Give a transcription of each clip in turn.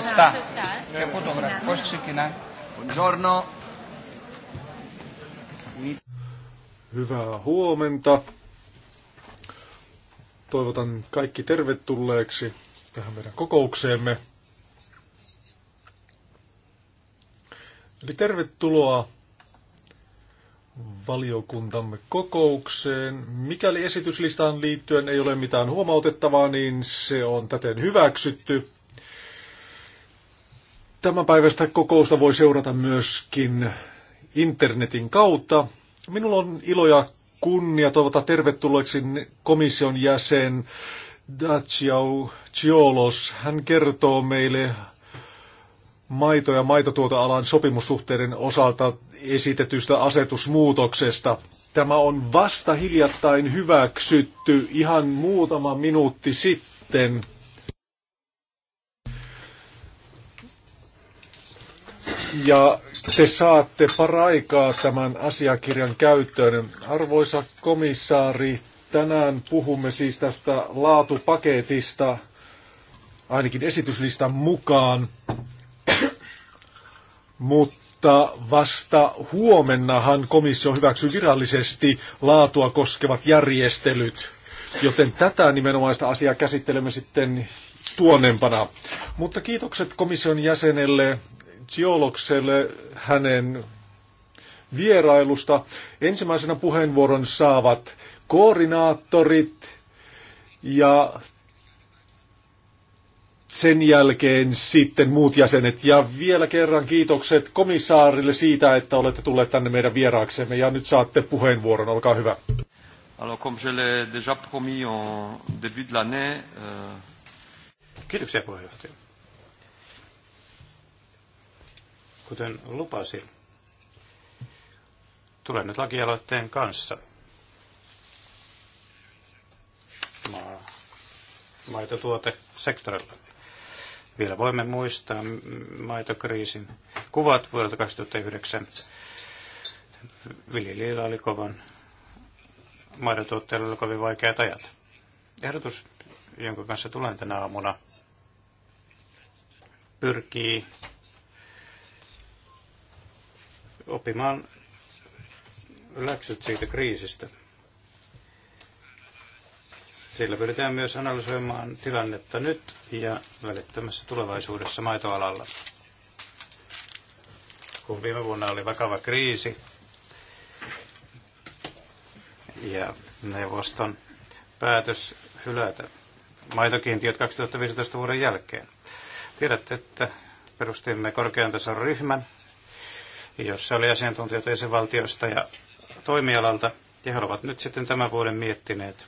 7. Buongiorno. Hyvää huomenta. Toivotan kaikki tervetulleeksi tähän meidän kokoukseemme. Eli tervetuloa valiokuntamme kokoukseen. Mikäli esityslistaan liittyen ei ole mitään huomautettavaa, niin se on täten hyväksytty. Tämän päivästä kokousta voi seurata myöskin internetin kautta. Minulla on ilo ja kunnia toivota tervetulleeksi komission jäsen Daciau Ciolos. Hän kertoo meille maito- ja maitotuotoalan sopimussuhteiden osalta esitetystä asetusmuutoksesta. Tämä on vasta hiljattain hyväksytty ihan muutama minuutti sitten. ja te saatte paraikaa tämän asiakirjan käyttöön. Arvoisa komissaari, tänään puhumme siis tästä laatupaketista, ainakin esityslistan mukaan, mutta vasta huomennahan komissio hyväksyy virallisesti laatua koskevat järjestelyt, joten tätä nimenomaista asiaa käsittelemme sitten tuonempana. Mutta kiitokset komission jäsenelle Ciolokselle hänen vierailusta. Ensimmäisenä puheenvuoron saavat koordinaattorit ja sen jälkeen sitten muut jäsenet. Ja vielä kerran kiitokset komissaarille siitä, että olette tulleet tänne meidän vieraaksemme. Ja nyt saatte puheenvuoron, olkaa hyvä. Alors, comme je l'ai déjà promis en début de l'année, euh... Kiitoksia puheenjohtaja. Kuten lupasin, tulen nyt lakialoitteen kanssa. Maa, maitotuotesektorilla. Vielä voimme muistaa maitokriisin kuvat vuodelta 2009. Viljelijöillä oli kovan maidotuotteilla oli kovin vaikeat ajat. Ehdotus, jonka kanssa tulen tänä aamuna, pyrkii oppimaan läksyt siitä kriisistä. Sillä pyritään myös analysoimaan tilannetta nyt ja välittömässä tulevaisuudessa maitoalalla. Kun viime vuonna oli vakava kriisi ja neuvoston päätös hylätä maitokiintiöt 2015 vuoden jälkeen. Tiedätte, että perustimme korkean tason ryhmän, jossa oli asiantuntijoita jäsenvaltioista ja toimialalta. Ja he ovat nyt sitten tämän vuoden miettineet,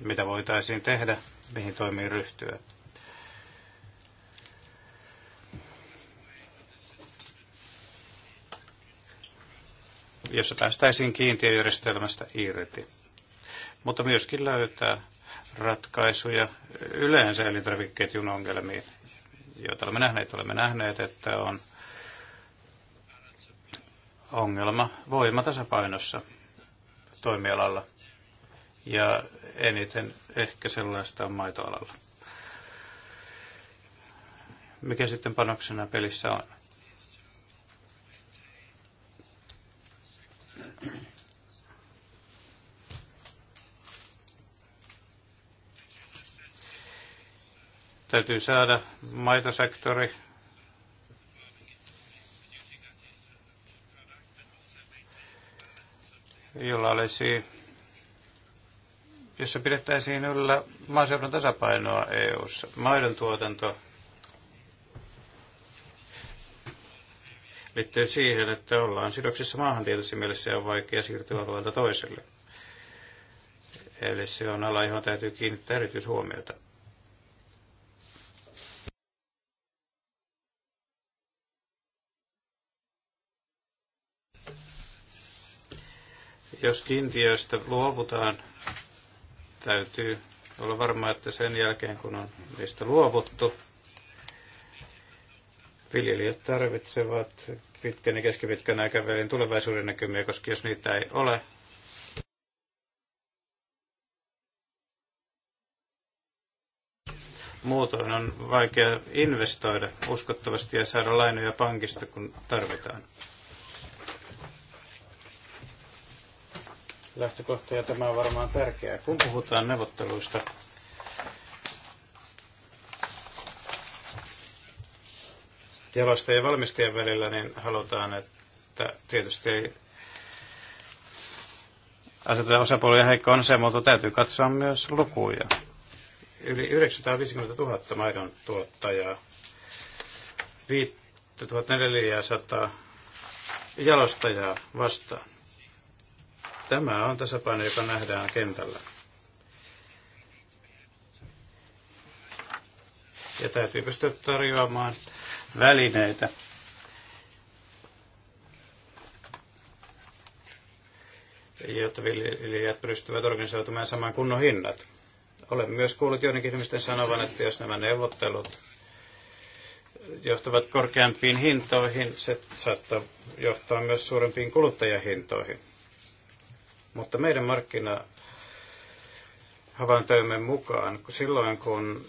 mitä voitaisiin tehdä, mihin toimiin ryhtyä. jossa päästäisiin kiintiöjärjestelmästä irti, mutta myöskin löytää ratkaisuja yleensä elintarvikeketjun ongelmiin, joita olemme nähneet. Olemme nähneet, että on ongelma voimatasapainossa toimialalla. Ja eniten ehkä sellaista on maitoalalla. Mikä sitten panoksena pelissä on? Täytyy saada maitosektori jolla olisi, jossa pidettäisiin yllä maaseudun tasapainoa EU-ssa. Maidon tuotanto liittyy siihen, että ollaan sidoksissa maahan tietysti mielessä on vaikea siirtyä alueelta toiselle. Eli se on ala, johon täytyy kiinnittää erityishuomiota. Jos kiintiöistä luovutaan, täytyy olla varma, että sen jälkeen kun on niistä luovuttu, viljelijät tarvitsevat pitkän ja keskipitkän aikavälin tulevaisuuden näkymiä, koska jos niitä ei ole, muutoin on vaikea investoida uskottavasti ja saada lainoja pankista, kun tarvitaan. lähtökohta, ja tämä on varmaan tärkeää. Kun puhutaan neuvotteluista, jalosta ja valmistajien välillä, niin halutaan, että tietysti ei aseteta osapuolia on niin se, mutta täytyy katsoa myös lukuja. Yli 950 000 maidon tuottajaa, 5400 jalostajaa vastaan. Tämä on tasapaino, joka nähdään kentällä. Ja täytyy pystyä tarjoamaan välineitä jotta viljelijät pystyvät organisoitumaan saman kunnon hinnat. Olen myös kuullut joidenkin ihmisten sanovan, että jos nämä neuvottelut johtavat korkeampiin hintoihin, se saattaa johtaa myös suurempiin kuluttajahintoihin. Mutta meidän markkina havaintojemme mukaan, kun silloin kun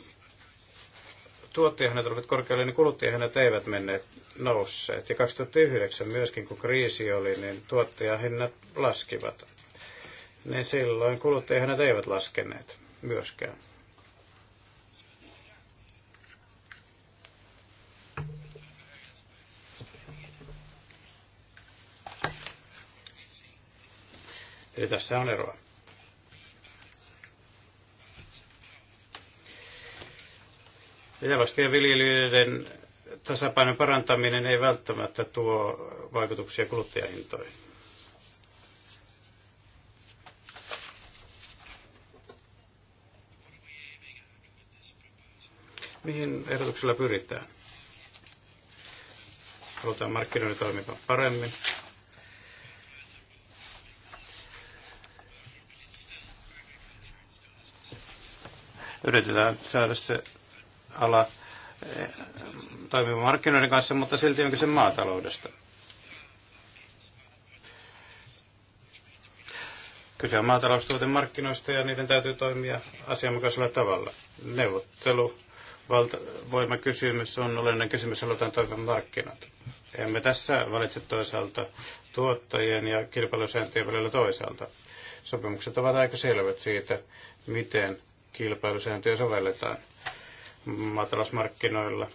tuottajahinnat olivat korkealle, niin kuluttajahinnat eivät menneet nousseet. Ja 2009 myöskin, kun kriisi oli, niin tuottajahinnat laskivat. Niin silloin kuluttajahinnat eivät laskeneet myöskään. Eli tässä on eroa. Jalostien viljelijöiden tasapainon parantaminen ei välttämättä tuo vaikutuksia kuluttajahintoihin. Mihin ehdotuksella pyritään? Halutaan markkinoiden toimivan paremmin. Yritetään saada se ala eh, toimiva markkinoiden kanssa, mutta silti onkin se maataloudesta. Kyse on maataloustuotemarkkinoista ja niiden täytyy toimia asianmukaisella tavalla. Neuvottelu, valta, voimakysymys on olennainen kysymys, halutaan toimia markkinat. Emme tässä valitse toisaalta tuottajien ja kilpailusääntöjen välillä toisaalta. Sopimukset ovat aika selvät siitä, miten kilpailusääntöjä sovelletaan maatalousmarkkinoilla.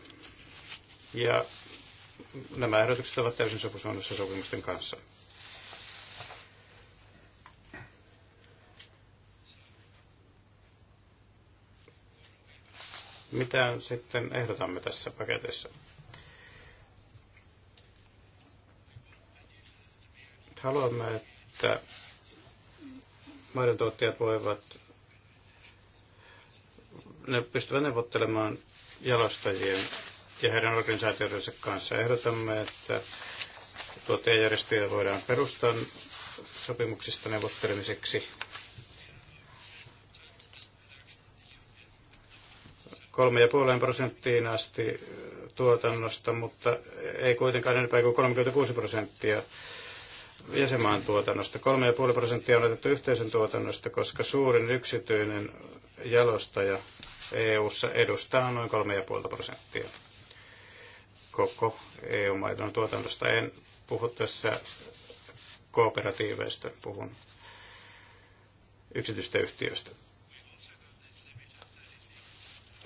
Ja nämä ehdotukset ovat täysin sopusuunnassa sopimusten kanssa. Mitä sitten ehdotamme tässä paketissa? Haluamme, että maidon tuottajat voivat ne pystyvät neuvottelemaan jalostajien ja heidän organisaatioidensa kanssa. Ehdotamme, että tuottajajärjestöjä voidaan perustaa sopimuksista neuvottelemiseksi. kolme ja puoleen prosenttiin asti tuotannosta, mutta ei kuitenkaan enempää kuin 36 prosenttia jäsenmaan tuotannosta. Kolme ja puoli prosenttia on otettu yhteisön tuotannosta, koska suurin yksityinen jalostaja EU-ssa edustaa noin 3,5 prosenttia koko EU-maidon tuotannosta. En puhu tässä kooperatiiveista, puhun yksityistä yhtiöistä.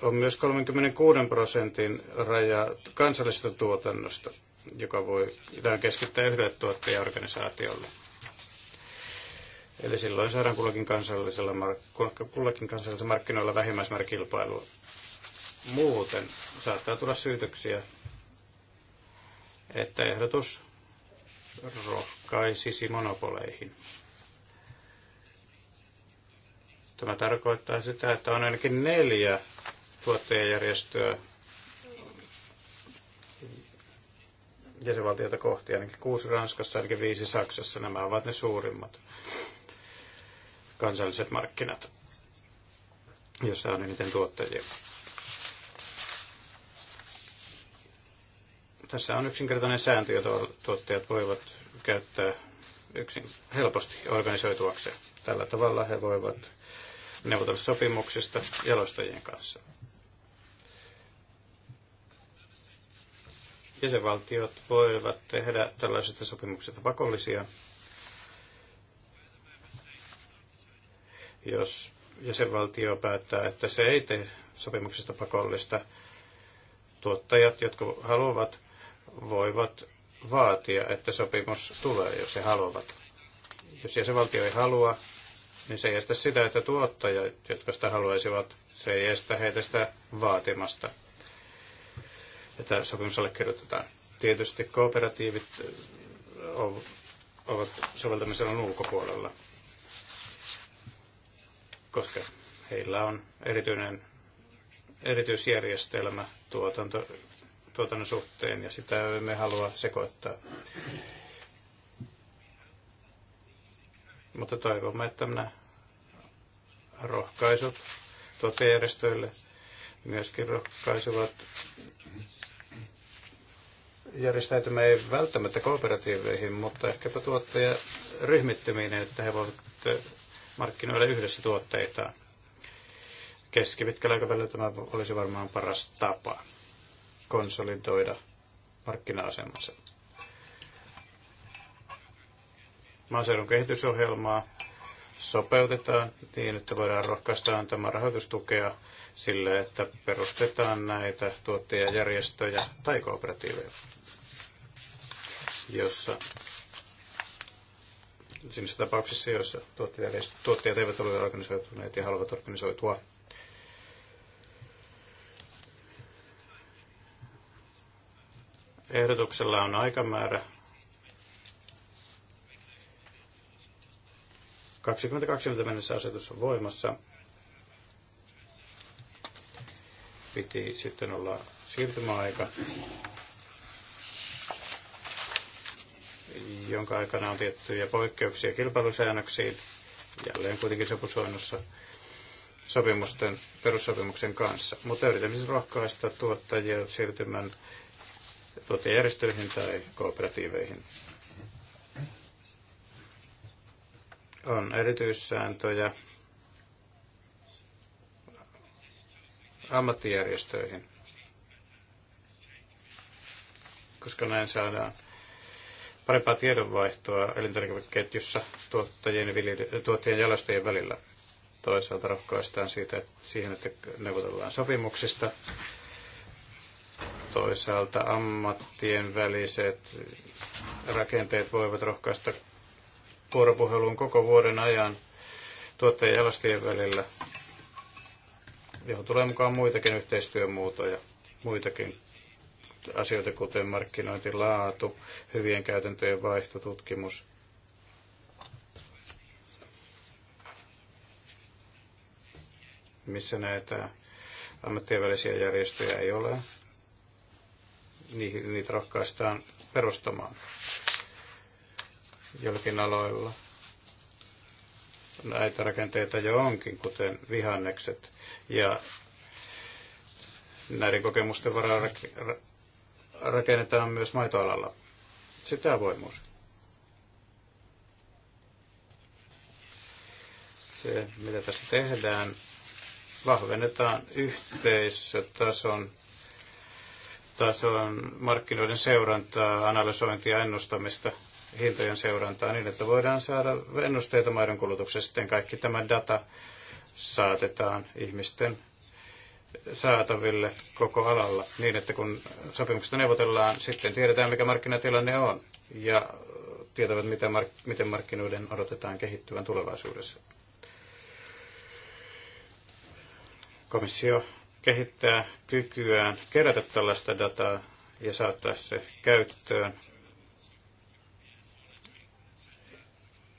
On myös 36 prosentin raja kansallisesta tuotannosta, joka voi keskittää yhdelle tuottajaorganisaatiolle. Eli silloin saadaan kullakin kansallisella, kullakin kansallisella markkinoilla vähimmäismäärä Muuten saattaa tulla syytöksiä, että ehdotus rohkaisisi monopoleihin. Tämä tarkoittaa sitä, että on ainakin neljä tuottajajärjestöä jäsenvaltiota kohti, ainakin kuusi Ranskassa, ainakin viisi Saksassa. Nämä ovat ne suurimmat kansalliset markkinat, jossa on eniten tuottajia. Tässä on yksinkertainen sääntö, jota tuottajat voivat käyttää yksin helposti organisoituakseen. Tällä tavalla he voivat neuvotella sopimuksista jalostajien kanssa. Jäsenvaltiot voivat tehdä tällaisista sopimuksista pakollisia jos jäsenvaltio päättää, että se ei tee sopimuksesta pakollista, tuottajat, jotka haluavat, voivat vaatia, että sopimus tulee, jos he haluavat. Jos jäsenvaltio ei halua, niin se ei estä sitä, että tuottajat, jotka sitä haluaisivat, se ei estä heitä sitä vaatimasta, että sopimus allekirjoitetaan. Tietysti kooperatiivit ovat soveltamisalan ulkopuolella koska heillä on erityinen erityisjärjestelmä tuotanto, tuotannon suhteen ja sitä emme halua sekoittaa. Mutta toivomme, että nämä rohkaisut tuottajajärjestöille myöskin rohkaisuvat järjestäytymään ei välttämättä kooperatiiveihin, mutta ehkäpä tuottajaryhmittymiin, että he voivat markkinoille yhdessä tuotteita Keskipitkällä aikavälillä tämä olisi varmaan paras tapa konsolidoida markkina-asemansa. Maaseudun kehitysohjelmaa sopeutetaan niin, että voidaan rohkaista antamaan rahoitustukea sille, että perustetaan näitä tuottajajärjestöjä tai kooperatiiveja, jossa niissä tapauksissa, joissa tuottajat eivät ole organisoituneet ja haluavat organisoitua. Ehdotuksella on aikamäärä 2020 mennessä asetus on voimassa. Piti sitten olla siirtymäaika jonka aikana on tiettyjä poikkeuksia kilpailusäännöksiin, jälleen kuitenkin sopusoinnussa sopimusten, perussopimuksen kanssa. Mutta yritämme siis rohkaista tuottajia siirtymään tuottajärjestöihin tai kooperatiiveihin. On erityissääntöjä ammattijärjestöihin, koska näin saadaan parempaa tiedonvaihtoa elintarvikeketjussa tuottajien ja, tuottajien jalostajien välillä. Toisaalta rohkaistaan siitä, siihen, että neuvotellaan sopimuksista. Toisaalta ammattien väliset rakenteet voivat rohkaista vuoropuheluun koko vuoden ajan tuottajien ja jalostajien välillä, johon tulee mukaan muitakin yhteistyömuotoja, muitakin asioita kuten markkinointi, laatu, hyvien käytäntöjen vaihto, tutkimus. Missä näitä ammattien välisiä järjestöjä ei ole, niitä rakkaistaan perustamaan jollakin aloilla. Näitä rakenteita jo onkin, kuten vihannekset. Ja näiden kokemusten varaa rakennetaan myös maitoalalla. Sitä avoimuus. Se, mitä tässä tehdään, vahvennetaan yhteisötason tason markkinoiden seurantaa, analysointia, ennustamista, hintojen seurantaa niin, että voidaan saada ennusteita maidon kulutuksesta. Sitten kaikki tämä data saatetaan ihmisten saataville koko alalla niin, että kun sopimuksesta neuvotellaan, sitten tiedetään, mikä markkinatilanne on ja tietävät, mitä mark- miten markkinoiden odotetaan kehittyvän tulevaisuudessa. Komissio kehittää kykyään kerätä tällaista dataa ja saattaa se käyttöön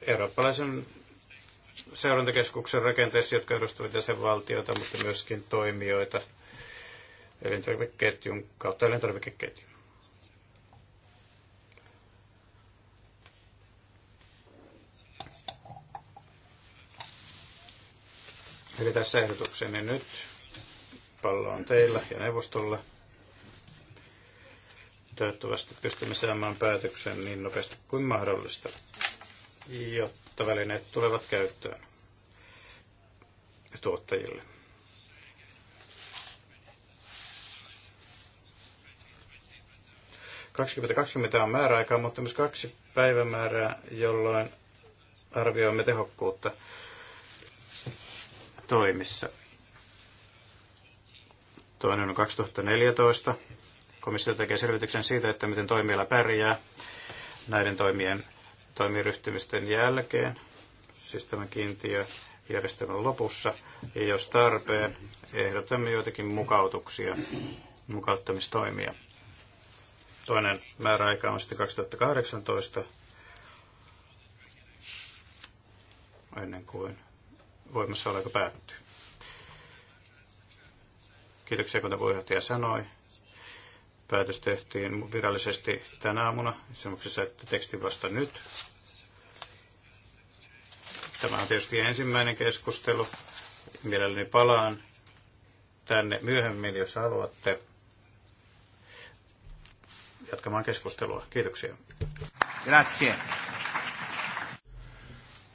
eurooppalaisen seurantakeskuksen rakenteessa, jotka edustavat jäsenvaltiota, mutta myöskin toimijoita elintarvikeketjun kautta elintarvikeketjun. Eli tässä ehdotukseni nyt. Pallo on teillä ja neuvostolla. Toivottavasti pystymme saamaan päätöksen niin nopeasti kuin mahdollista, jotta valuuttavälineet tulevat käyttöön tuottajille. kaksikymmentä on määräaikaa, mutta myös kaksi päivämäärää, jolloin arvioimme tehokkuutta toimissa. Toinen on 2014. Komissio tekee selvityksen siitä, että miten toimiala pärjää näiden toimien toimiryhtymisten jälkeen, siis tämän kiintiöjärjestelmän lopussa, ja jos tarpeen, ehdotamme joitakin mukautuksia, mukauttamistoimia. Toinen määräaika on sitten 2018, ennen kuin voimassaoloaika päättyy. Kiitoksia, kuten puheenjohtaja sanoi. Päätös tehtiin virallisesti tänä aamuna, esimerkiksi että teksti vasta nyt. Tämä on tietysti ensimmäinen keskustelu. Mielelläni palaan tänne myöhemmin, jos haluatte jatkamaan keskustelua. Kiitoksia. Grazie.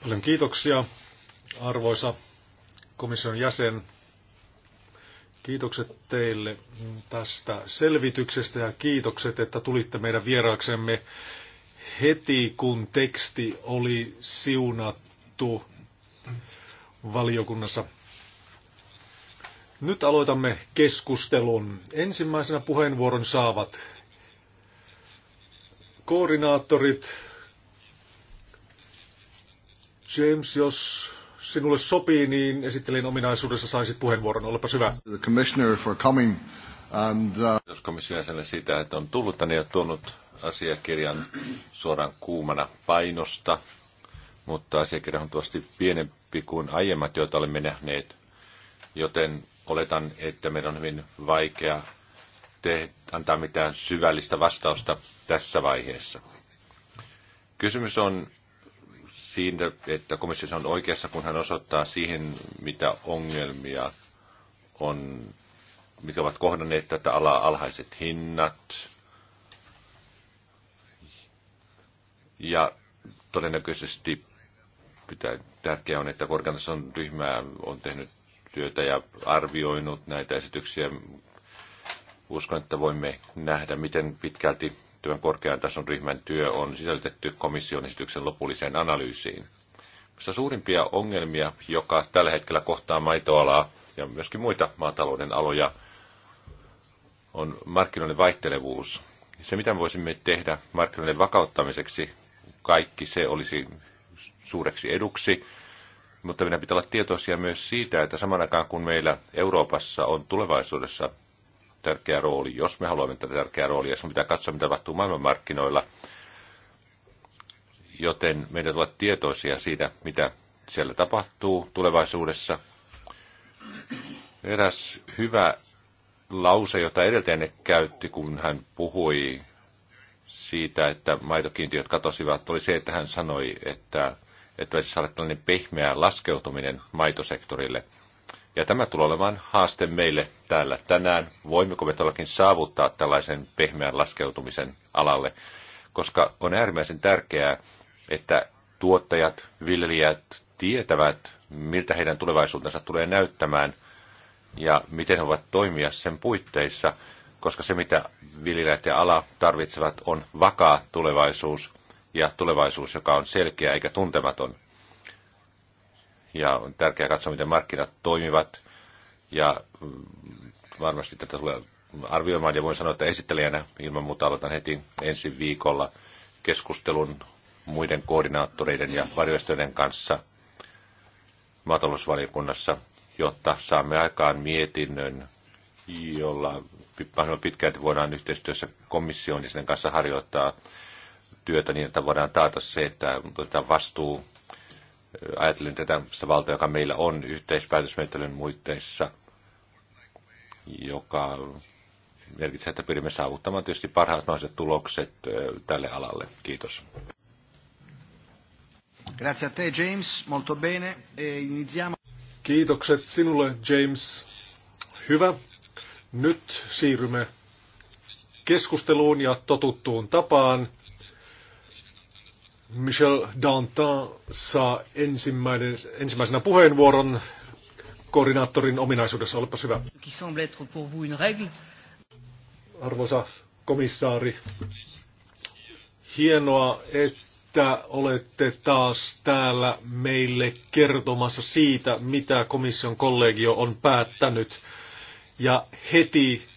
Paljon kiitoksia, arvoisa komission jäsen. Kiitokset teille tästä selvityksestä ja kiitokset, että tulitte meidän vieraaksemme heti, kun teksti oli siunattu valiokunnassa. Nyt aloitamme keskustelun. Ensimmäisenä puheenvuoron saavat koordinaattorit. James, jos sinulle sopii, niin esittelin ominaisuudessa saisit puheenvuoron. Olepa hyvä. The commissioner for coming and, uh... Kiitos komission jäsenelle siitä, että on tullut tänne ja tuonut asiakirjan suoraan kuumana painosta, mutta asiakirja on tuosti pienempi kuin aiemmat, joita olemme nähneet, joten oletan, että meidän on hyvin vaikea te antaa mitään syvällistä vastausta tässä vaiheessa. Kysymys on siitä, että komissio on oikeassa, kun hän osoittaa siihen, mitä ongelmia on, mitkä ovat kohdanneet tätä alaa, alhaiset hinnat. Ja todennäköisesti pitää, tärkeää on, että korkeantason ryhmää on tehnyt työtä ja arvioinut näitä esityksiä. Uskon, että voimme nähdä, miten pitkälti liittyvän korkean tason ryhmän työ on sisällytetty komission esityksen lopulliseen analyysiin. Missä suurimpia ongelmia, joka tällä hetkellä kohtaa maitoalaa ja myöskin muita maatalouden aloja, on markkinoiden vaihtelevuus. Se, mitä me voisimme tehdä markkinoiden vakauttamiseksi, kaikki se olisi suureksi eduksi, mutta meidän pitää olla tietoisia myös siitä, että saman aikaan kun meillä Euroopassa on tulevaisuudessa tärkeä rooli, jos me haluamme tätä tärkeää roolia. Sinun pitää katsoa, mitä tapahtuu maailmanmarkkinoilla. Joten meidän tulee tietoisia siitä, mitä siellä tapahtuu tulevaisuudessa. Eräs hyvä lause, jota edeltäjänne käytti, kun hän puhui siitä, että maitokiintiöt katosivat, oli se, että hän sanoi, että, että saada tällainen pehmeä laskeutuminen maitosektorille – ja tämä tulee olemaan haaste meille täällä tänään. Voimmeko me todellakin saavuttaa tällaisen pehmeän laskeutumisen alalle? Koska on äärimmäisen tärkeää, että tuottajat, viljelijät tietävät, miltä heidän tulevaisuutensa tulee näyttämään ja miten he ovat toimia sen puitteissa, koska se mitä viljelijät ja ala tarvitsevat on vakaa tulevaisuus ja tulevaisuus, joka on selkeä eikä tuntematon ja on tärkeää katsoa, miten markkinat toimivat ja mm, varmasti tätä tulee arvioimaan ja voin sanoa, että esittelijänä ilman muuta aloitan heti ensi viikolla keskustelun muiden koordinaattoreiden ja varjoistojen kanssa maatalousvaliokunnassa, jotta saamme aikaan mietinnön, jolla mahdollisimman pitkälti voidaan yhteistyössä komission ja sen kanssa harjoittaa työtä niin, että voidaan taata se, että otetaan vastuu ajatellen tätä valtaa, joka meillä on yhteispäätösmenettelyn muitteissa, joka merkitsee, että pyrimme saavuttamaan tietysti parhaat mahdolliset tulokset tälle alalle. Kiitos. Grazie a te James, molto bene. E iniziamo. Kiitokset sinulle James. Hyvä. Nyt siirrymme keskusteluun ja totuttuun tapaan Michel Dantin saa ensimmäinen, ensimmäisenä puheenvuoron koordinaattorin ominaisuudessa. Olepas hyvä. Arvoisa komissaari, hienoa, että olette taas täällä meille kertomassa siitä, mitä komission kollegio on päättänyt. Ja heti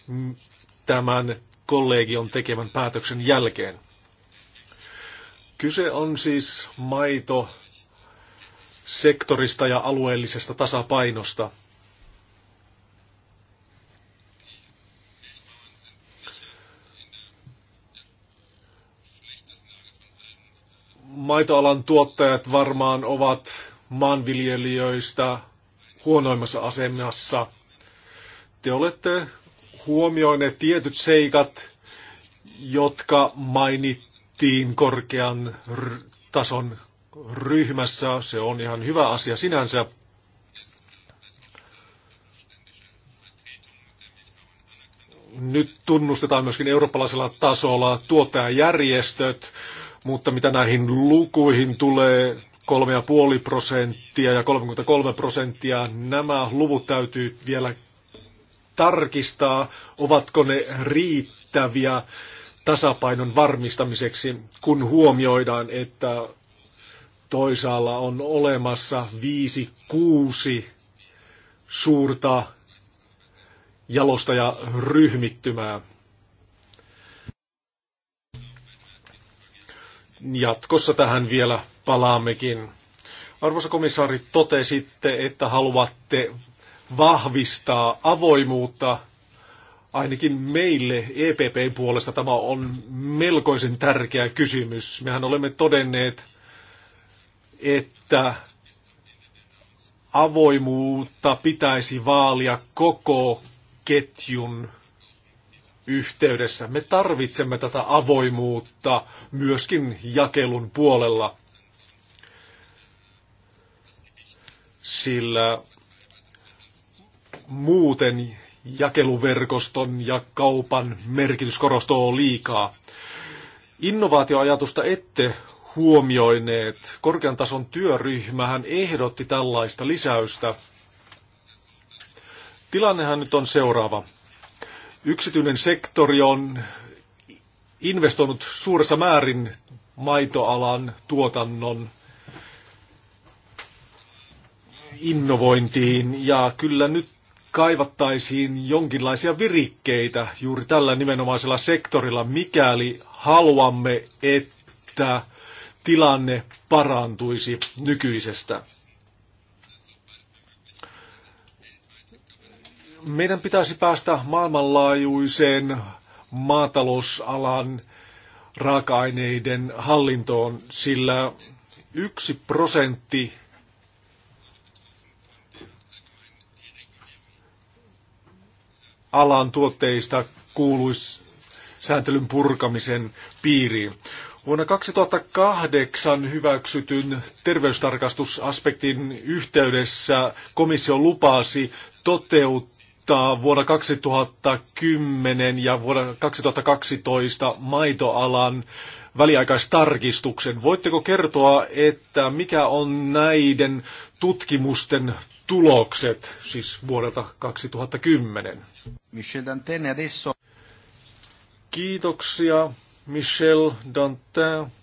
tämän kollegion tekemän päätöksen jälkeen. Kyse on siis maito sektorista ja alueellisesta tasapainosta. Maitoalan tuottajat varmaan ovat maanviljelijöistä huonoimmassa asemassa. Te olette huomioineet tietyt seikat, jotka mainit tiin korkean tason ryhmässä. Se on ihan hyvä asia sinänsä. Nyt tunnustetaan myöskin eurooppalaisella tasolla tuottajajärjestöt, mutta mitä näihin lukuihin tulee, 3,5 prosenttia ja 33 prosenttia, nämä luvut täytyy vielä tarkistaa, ovatko ne riittäviä tasapainon varmistamiseksi, kun huomioidaan, että toisaalla on olemassa viisi, kuusi suurta jalostajaryhmittymää. Jatkossa tähän vielä palaammekin. Arvoisa komissaari, totesitte, että haluatte vahvistaa avoimuutta Ainakin meille EPPn puolesta tämä on melkoisen tärkeä kysymys. Mehän olemme todenneet, että avoimuutta pitäisi vaalia koko ketjun yhteydessä. Me tarvitsemme tätä avoimuutta myöskin jakelun puolella, sillä muuten jakeluverkoston ja kaupan merkitys korostuu liikaa. Innovaatioajatusta ette huomioineet. Korkean tason työryhmähän ehdotti tällaista lisäystä. Tilannehan nyt on seuraava. Yksityinen sektori on investoinut suuressa määrin maitoalan tuotannon innovointiin ja kyllä nyt kaivattaisiin jonkinlaisia virikkeitä juuri tällä nimenomaisella sektorilla, mikäli haluamme, että tilanne parantuisi nykyisestä. Meidän pitäisi päästä maailmanlaajuiseen maatalousalan raaka-aineiden hallintoon, sillä yksi prosentti alan tuotteista kuuluisi sääntelyn purkamisen piiriin. Vuonna 2008 hyväksytyn terveystarkastusaspektin yhteydessä komissio lupasi toteuttaa vuonna 2010 ja vuonna 2012 maitoalan väliaikaistarkistuksen. Voitteko kertoa, että mikä on näiden tutkimusten tulokset, siis vuodelta 2010. Michel Dantin adesso. Kiitoksia Michel Dantin.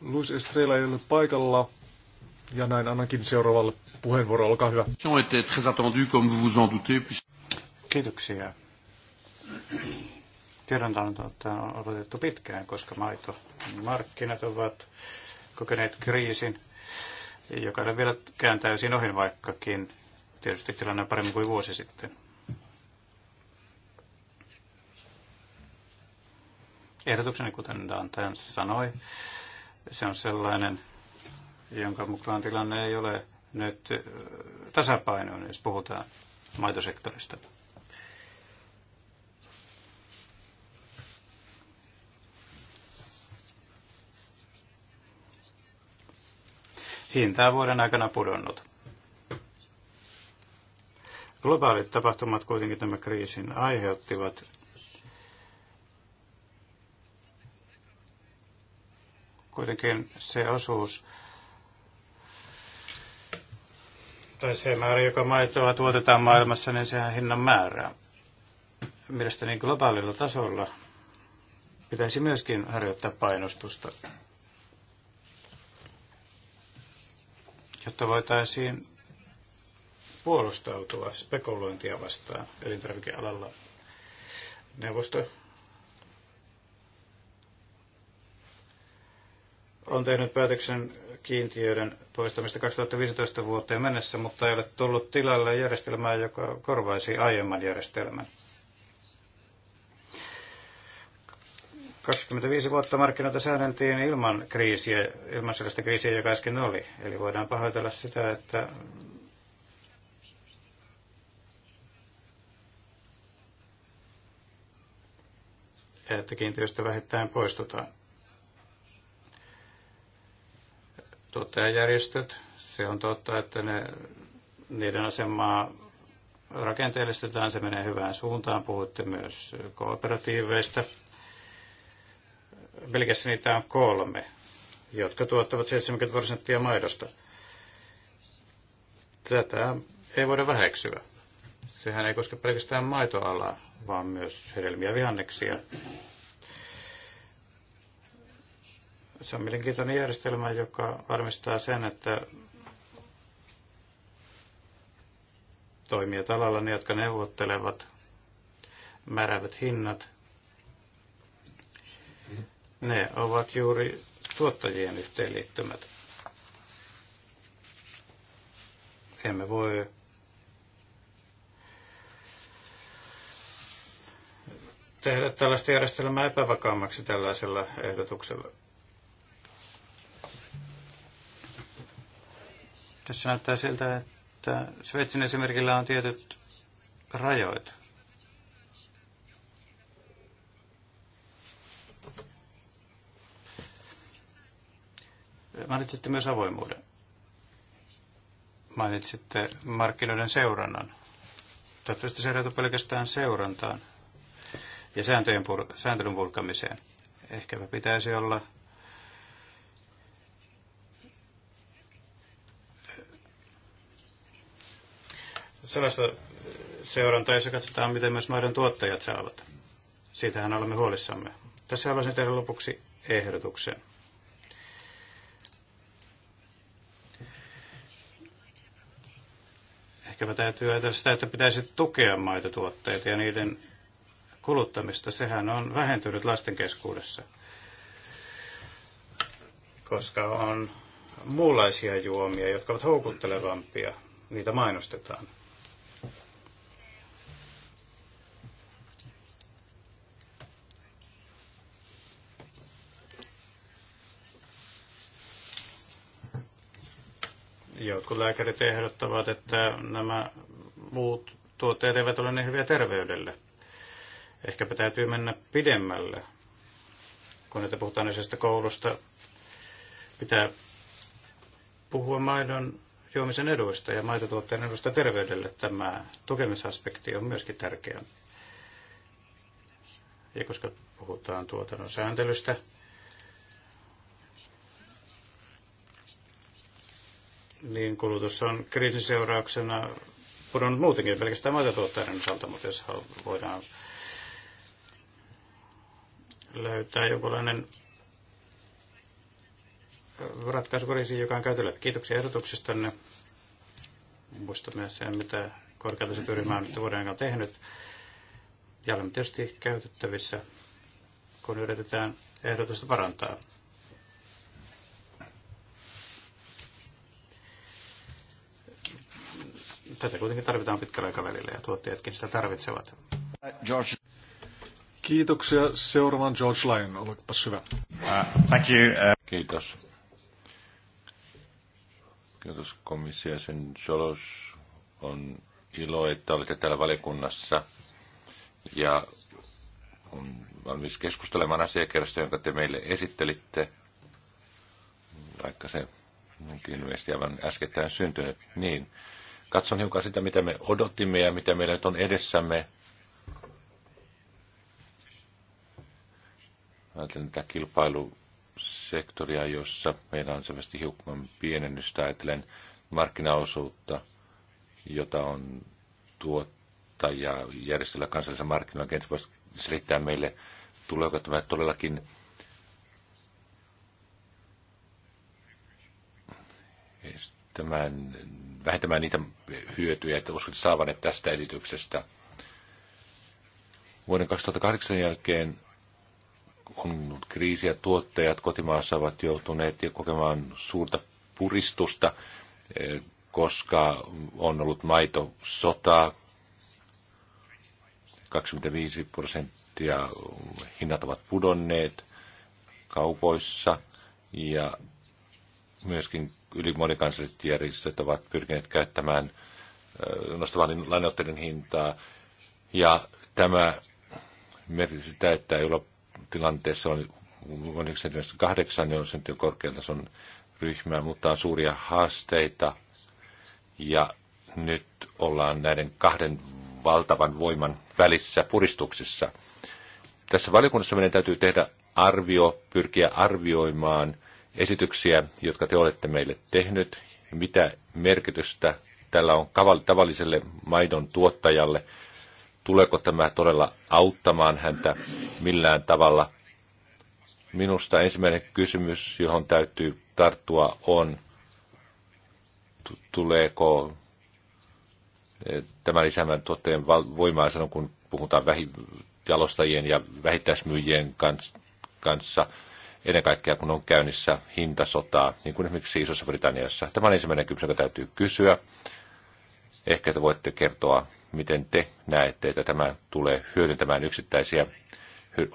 Luis Estrella ei ole paikalla. Ja näin annankin seuraavalle puheenvuoro, olkaa hyvä. Kiitoksia. Tiedonanto on tuota, odotettu pitkään, koska maitomarkkinat ovat kokeneet kriisin joka ei ole vieläkään täysin ohi vaikkakin tietysti tilanne on paremmin kuin vuosi sitten. Ehdotukseni, kuten Dantan sanoi, se on sellainen, jonka mukaan tilanne ei ole nyt tasapainoinen, jos puhutaan maitosektorista. hintaa vuoden aikana pudonnut. Globaalit tapahtumat kuitenkin tämän kriisin aiheuttivat. Kuitenkin se osuus tai se määrä, joka maitoa tuotetaan maailmassa, niin sehän hinnan määrää. Mielestäni globaalilla tasolla pitäisi myöskin harjoittaa painostusta jotta voitaisiin puolustautua spekulointia vastaan elintarvikealalla. Neuvosto on tehnyt päätöksen kiintiöiden poistamista 2015 vuoteen mennessä, mutta ei ole tullut tilalle järjestelmää, joka korvaisi aiemman järjestelmän. 25 vuotta markkinoita säänneltiin ilman kriisiä, ilman sellaista kriisiä, joka äsken oli. Eli voidaan pahoitella sitä, että että kiintiöstä vähittäin poistutaan. Tuottajajärjestöt, se on totta, että ne, niiden asemaa rakenteellistetaan, se menee hyvään suuntaan. Puhutte myös kooperatiiveista. Belgiassa niitä on kolme, jotka tuottavat 70 prosenttia maidosta. Tätä ei voida väheksyä. Sehän ei koske pelkästään maitoalaa, vaan myös hedelmiä ja vihanneksia. Se on mielenkiintoinen järjestelmä, joka varmistaa sen, että toimijat alalla, ne jotka neuvottelevat, määräävät hinnat ne ovat juuri tuottajien yhteenliittymät. Emme voi tehdä tällaista järjestelmää epävakaammaksi tällaisella ehdotuksella. Tässä näyttää siltä, että Sveitsin esimerkillä on tietyt rajoit Mainitsitte myös avoimuuden. Mainitsitte markkinoiden seurannan. Toivottavasti se pelkästään seurantaan ja sääntöjen pur- sääntelyn purkamiseen. Ehkäpä pitäisi olla eh, sellaista seurantaa, jossa katsotaan, miten myös maiden tuottajat saavat. Siitähän olemme huolissamme. Tässä haluaisin tehdä lopuksi ehdotuksen. Ehkäpä täytyy ajatella sitä, että pitäisi tukea maitotuotteita ja niiden kuluttamista. Sehän on vähentynyt lasten keskuudessa, koska on muunlaisia juomia, jotka ovat houkuttelevampia. Niitä mainostetaan. Jotkut lääkärit ehdottavat, että nämä muut tuotteet eivät ole niin hyviä terveydelle. Ehkäpä täytyy mennä pidemmälle. Kun näitä puhutaan koulusta, pitää puhua maidon juomisen eduista ja maitotuotteen eduista terveydelle. Tämä tukemisaspekti on myöskin tärkeä. Ja koska puhutaan tuotannon sääntelystä, niin kulutus on kriisin seurauksena pudonnut muutenkin pelkästään maitotuotteiden osalta, mutta jos voidaan löytää ratkaisu kriisiin, joka on käyty läpi. Kiitoksia ehdotuksistanne. Muistamme sen, mitä korkeataisen työryhmä on nyt vuoden aikana tehnyt. Ja olemme tietysti käytettävissä, kun yritetään ehdotusta parantaa. Tätä kuitenkin tarvitaan pitkällä aikavälillä ja tuottajatkin sitä tarvitsevat. George. Kiitoksia. Seuraavan George Lyon, olkaa hyvä. Uh, thank you. Uh... Kiitos. Kiitos komissio sen Solos. On ilo, että olette täällä valiokunnassa ja on valmis keskustelemaan asiakirjasta, jonka te meille esittelitte, vaikka se onkin ilmeisesti aivan äskettäin syntynyt. Niin, katson hiukan sitä, mitä me odotimme ja mitä meillä nyt on edessämme. Ajattelen tätä kilpailusektoria, jossa meillä on selvästi hiukan pienennystä. Ajattelen markkinaosuutta, jota on tuottaja järjestellä kansallisella markkinoilla. Kenties voisi selittää meille, tuleeko tämä todellakin tämän, vähentämään niitä hyötyjä, että uskot saavan tästä esityksestä. Vuoden 2008 jälkeen on ja tuottajat kotimaassa ovat joutuneet ja kokemaan suurta puristusta, eh, koska on ollut sotaa, 25 prosenttia hinnat ovat pudonneet kaupoissa ja myöskin yli monikansalliset järjestöt ovat pyrkineet käyttämään nostamaan niin lainoitteiden hintaa. Ja tämä merkitsee sitä, että tilanteessa on vuonna 1998 on syntynyt korkeatason ryhmää, mutta on suuria haasteita. Ja nyt ollaan näiden kahden valtavan voiman välissä puristuksissa. Tässä valiokunnassa meidän täytyy tehdä arvio, pyrkiä arvioimaan esityksiä, jotka te olette meille tehnyt, mitä merkitystä tällä on tavalliselle maidon tuottajalle, tuleeko tämä todella auttamaan häntä millään tavalla. Minusta ensimmäinen kysymys, johon täytyy tarttua, on, tuleeko eh, tämä lisäämään tuotteen voimaa sanon, kun puhutaan vähijalostajien jalostajien ja vähittäismyyjien kanssa ennen kaikkea kun on käynnissä hintasotaa, niin kuin esimerkiksi Isossa Britanniassa. Tämä on ensimmäinen kysymys, joka täytyy kysyä. Ehkä te voitte kertoa, miten te näette, että tämä tulee hyödyntämään yksittäisiä,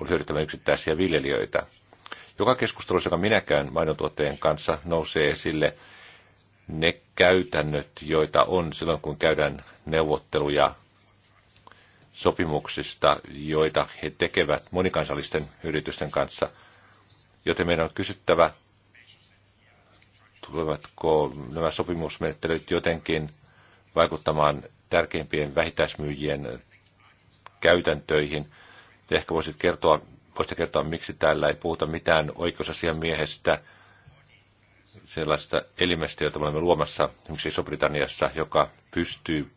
hyödyntämään yksittäisiä viljelijöitä. Joka keskustelussa, joka minä käyn maidontuottajien kanssa, nousee esille ne käytännöt, joita on silloin, kun käydään neuvotteluja sopimuksista, joita he tekevät monikansallisten yritysten kanssa – joten meidän on kysyttävä, tulevatko nämä sopimusmenettelyt jotenkin vaikuttamaan tärkeimpien vähittäismyyjien käytäntöihin. Te ehkä voisit kertoa, voisit kertoa, miksi täällä ei puhuta mitään oikeusasiamiehestä, sellaista elimestä, jota me olemme luomassa, esimerkiksi Iso-Britanniassa, joka pystyy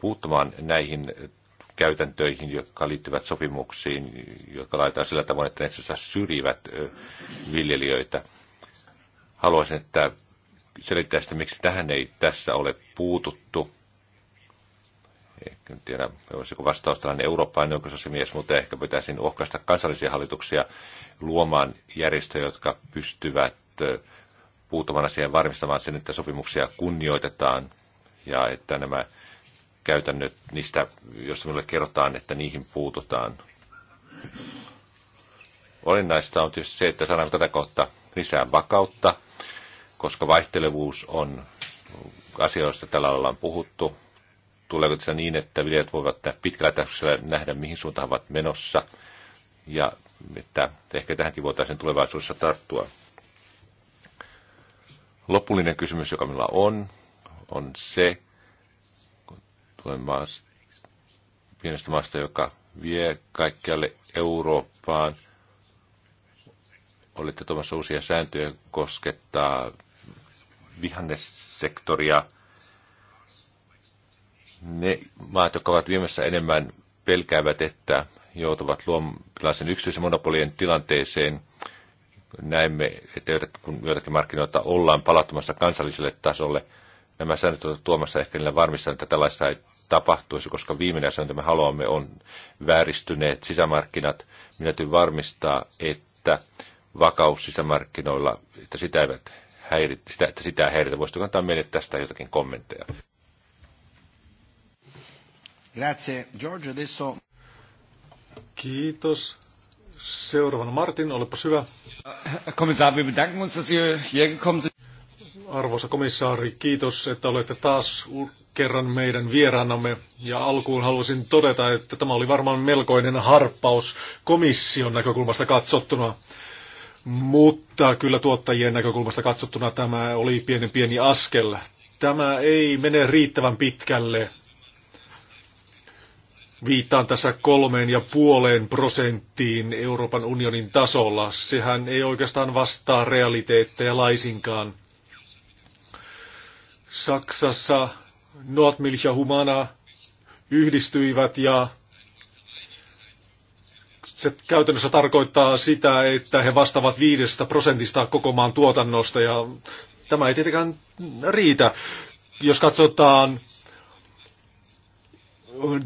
puuttumaan näihin käytäntöihin, jotka liittyvät sopimuksiin, jotka laitetaan sillä tavoin, että ne itse syrjivät viljelijöitä. Haluaisin, että selittäisitte, miksi tähän ei tässä ole puututtu. Ehkä en tiedä, olisiko vastaus tällainen eurooppalainen oikeusasiamies, mutta ehkä pitäisin ohkaista kansallisia hallituksia luomaan järjestöjä, jotka pystyvät puutumaan asiaan varmistamaan sen, että sopimuksia kunnioitetaan ja että nämä käytännöt niistä, joista minulle kerrotaan, että niihin puututaan. Olennaista on tietysti se, että saadaan tätä kautta lisää vakautta, koska vaihtelevuus on asioista tällä alalla on puhuttu. Tuleeko se niin, että viljelijät voivat pitkällä tähtäyksellä nähdä, mihin suuntaan ovat menossa, ja että ehkä tähänkin voitaisiin tulevaisuudessa tarttua. Lopullinen kysymys, joka minulla on, on se, Tulen maasta, pienestä maasta, joka vie kaikkialle Eurooppaan. Olette tuomassa uusia sääntöjä koskettaa vihannessektoria. Ne maat, jotka ovat viemässä enemmän, pelkäävät, että joutuvat luomilaisen yksityisen monopolien tilanteeseen. Näemme, että kun joitakin markkinoita ollaan palauttamassa kansalliselle tasolle – nämä säännöt ovat tuomassa ehkä niillä varmissaan, että tällaista ei tapahtuisi, koska viimeinen sääntö me haluamme on vääristyneet sisämarkkinat. Minä täytyy varmistaa, että vakaus sisämarkkinoilla, että sitä, eivät häiri, sitä, että sitä ei häiritä. Voisitko antaa meille tästä jotakin kommentteja? Grazie, George. Adesso... Kiitos. Seuraavana Martin, olepa hyvä. Äh, Kommissar, wir bedanken uns, dass Sie hier gekommen sind. Arvoisa komissaari, kiitos, että olette taas kerran meidän vieraanamme. Ja alkuun haluaisin todeta, että tämä oli varmaan melkoinen harppaus komission näkökulmasta katsottuna. Mutta kyllä tuottajien näkökulmasta katsottuna tämä oli pienen pieni askel. Tämä ei mene riittävän pitkälle. Viittaan tässä kolmeen ja puoleen prosenttiin Euroopan unionin tasolla. Sehän ei oikeastaan vastaa realiteetteja laisinkaan. Saksassa Nordmilch ja Humana yhdistyivät ja se käytännössä tarkoittaa sitä, että he vastaavat viidestä prosentista koko maan tuotannosta ja tämä ei tietenkään riitä. Jos katsotaan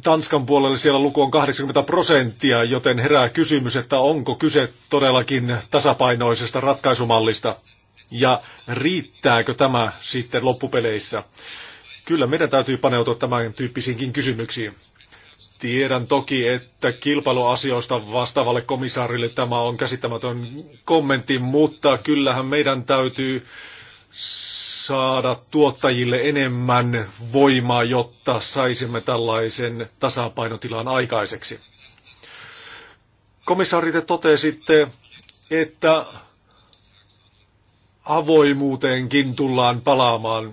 Tanskan puolelle siellä luku on 80 prosenttia, joten herää kysymys, että onko kyse todellakin tasapainoisesta ratkaisumallista ja riittääkö tämä sitten loppupeleissä? Kyllä meidän täytyy paneutua tämän tyyppisiinkin kysymyksiin. Tiedän toki, että kilpailuasioista vastaavalle komisaarille tämä on käsittämätön kommentti, mutta kyllähän meidän täytyy saada tuottajille enemmän voimaa, jotta saisimme tällaisen tasapainotilan aikaiseksi. Komissaari, te totesitte, että avoimuuteenkin tullaan palaamaan.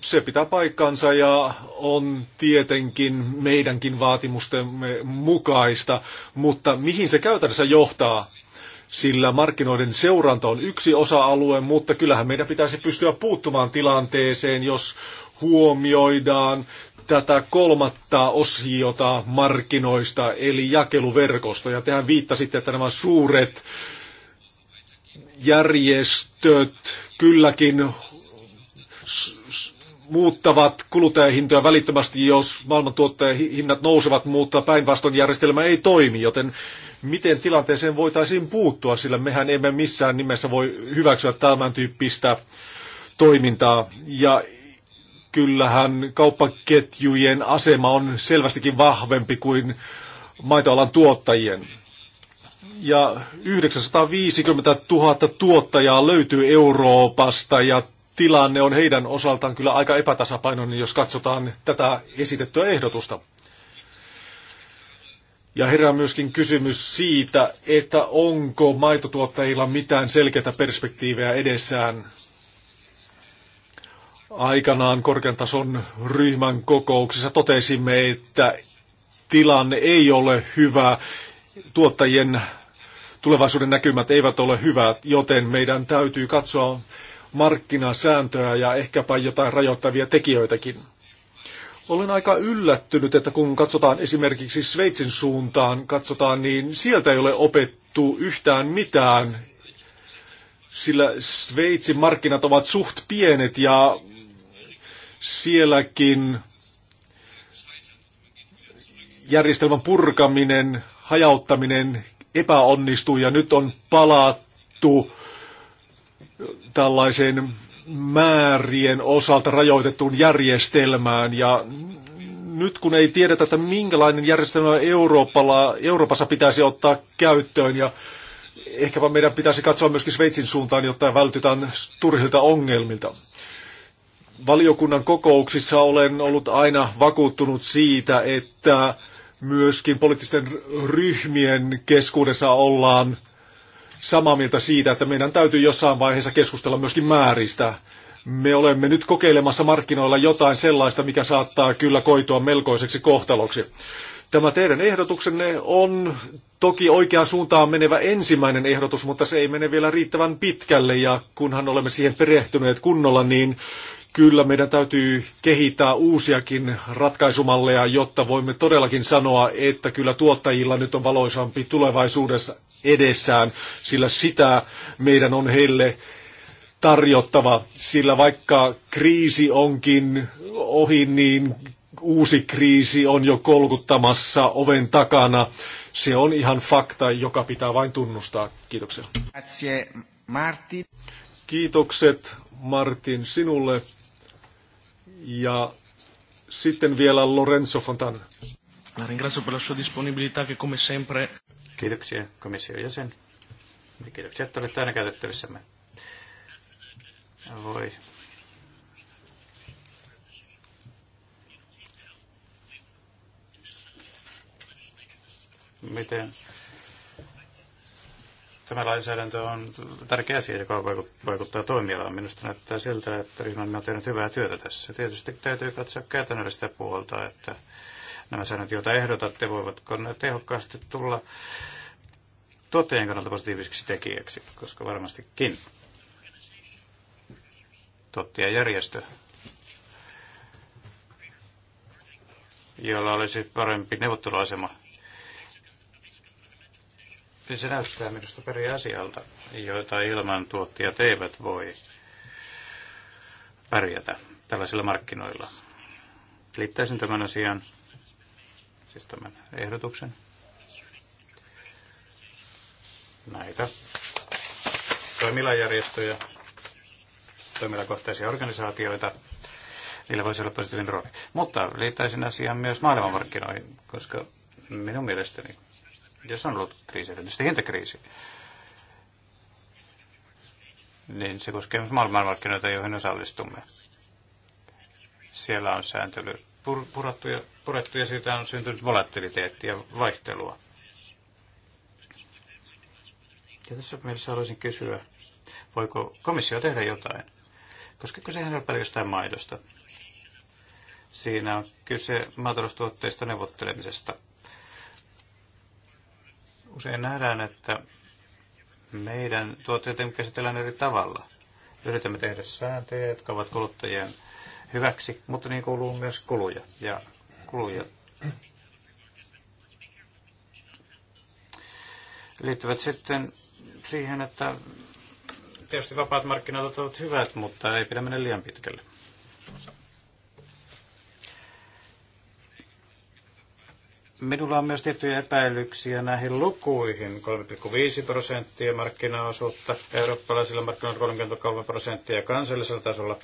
Se pitää paikkansa ja on tietenkin meidänkin vaatimustemme mukaista, mutta mihin se käytännössä johtaa? Sillä markkinoiden seuranta on yksi osa-alue, mutta kyllähän meidän pitäisi pystyä puuttumaan tilanteeseen, jos huomioidaan tätä kolmatta osiota markkinoista, eli jakeluverkostoja. Tehän viittasitte, että nämä suuret äh, järjestöt kylläkin muuttavat kuluttajahintoja välittömästi, jos hinnat nousevat, mutta päinvastoin järjestelmä ei toimi, joten miten tilanteeseen voitaisiin puuttua, sillä mehän emme missään nimessä voi hyväksyä tämän tyyppistä toimintaa. Ja kyllähän kauppaketjujen asema on selvästikin vahvempi kuin maitoalan tuottajien ja 950 000 tuottajaa löytyy Euroopasta ja tilanne on heidän osaltaan kyllä aika epätasapainoinen, jos katsotaan tätä esitettyä ehdotusta. Ja herää myöskin kysymys siitä, että onko maitotuottajilla mitään selkeitä perspektiivejä edessään. Aikanaan korkean tason ryhmän kokouksessa totesimme, että tilanne ei ole hyvä tuottajien tulevaisuuden näkymät eivät ole hyvät, joten meidän täytyy katsoa markkinasääntöä ja ehkäpä jotain rajoittavia tekijöitäkin. Olen aika yllättynyt, että kun katsotaan esimerkiksi Sveitsin suuntaan, katsotaan, niin sieltä ei ole opettu yhtään mitään, sillä Sveitsin markkinat ovat suht pienet ja sielläkin järjestelmän purkaminen, hajauttaminen epäonnistui ja nyt on palattu tällaiseen määrien osalta rajoitettuun järjestelmään ja nyt kun ei tiedetä, että minkälainen järjestelmä Euroopalla, Euroopassa pitäisi ottaa käyttöön ja ehkäpä meidän pitäisi katsoa myöskin Sveitsin suuntaan, jotta vältytään turhilta ongelmilta. Valiokunnan kokouksissa olen ollut aina vakuuttunut siitä, että myöskin poliittisten ryhmien keskuudessa ollaan samaa mieltä siitä, että meidän täytyy jossain vaiheessa keskustella myöskin määristä. Me olemme nyt kokeilemassa markkinoilla jotain sellaista, mikä saattaa kyllä koitua melkoiseksi kohtaloksi. Tämä teidän ehdotuksenne on toki oikeaan suuntaan menevä ensimmäinen ehdotus, mutta se ei mene vielä riittävän pitkälle ja kunhan olemme siihen perehtyneet kunnolla, niin kyllä meidän täytyy kehittää uusiakin ratkaisumalleja, jotta voimme todellakin sanoa, että kyllä tuottajilla nyt on valoisampi tulevaisuudessa edessään, sillä sitä meidän on heille tarjottava, sillä vaikka kriisi onkin ohi, niin uusi kriisi on jo kolkuttamassa oven takana. Se on ihan fakta, joka pitää vain tunnustaa. Kiitoksia. Kiitokset Martin sinulle. Ja sitten vielä Lorenzo Fontana. La ringrazio per la sua disponibilità che come sempre... Kiitoksia komission jäsen. Kiitoksia, että olette aina käytettävissämme. Voi miten Tämä lainsäädäntö on tärkeä asia, joka vaikuttaa toimialaan. Minusta näyttää siltä, että ryhmämme on tehnyt hyvää työtä tässä. Tietysti täytyy katsoa käytännöllistä puolta, että nämä säännöt, joita ehdotatte, voivatko ne tehokkaasti tulla toteen kannalta positiiviseksi tekijäksi, koska varmastikin totti ja järjestö, jolla olisi parempi neuvotteluasema niin se näyttää minusta periasialta, joita ilman tuottajat eivät voi pärjätä tällaisilla markkinoilla. Liittäisin tämän asian, siis tämän ehdotuksen. Näitä toimilajärjestöjä, toimilakohtaisia organisaatioita, niillä voisi olla positiivinen rooli. Mutta liittäisin asian myös maailmanmarkkinoihin, koska minun mielestäni jos se on ollut kriisi, erityisesti hintakriisi, niin se koskee myös maailmanmarkkinoita, joihin osallistumme. Siellä on sääntely purattu ja, purettu ja siitä on syntynyt volatiliteettia, vaihtelua. Ja tässä mielessä haluaisin kysyä, voiko komissio tehdä jotain? Koska kysehän ei ole pelkästään maidosta. Siinä on kyse maataloustuotteista neuvottelemisesta Usein nähdään, että meidän tuotteita käsitellään eri tavalla. Yritämme tehdä sääntöjä, jotka ovat kuluttajien hyväksi, mutta niin kuuluu myös kuluja. Ja kuluja liittyvät sitten siihen, että tietysti vapaat markkinat ovat hyvät, mutta ei pidä mennä liian pitkälle. Minulla on myös tiettyjä epäilyksiä näihin lukuihin. 3,5 prosenttia markkinaosuutta, eurooppalaisilla markkinoilla 33 prosenttia kansallisella tasolla.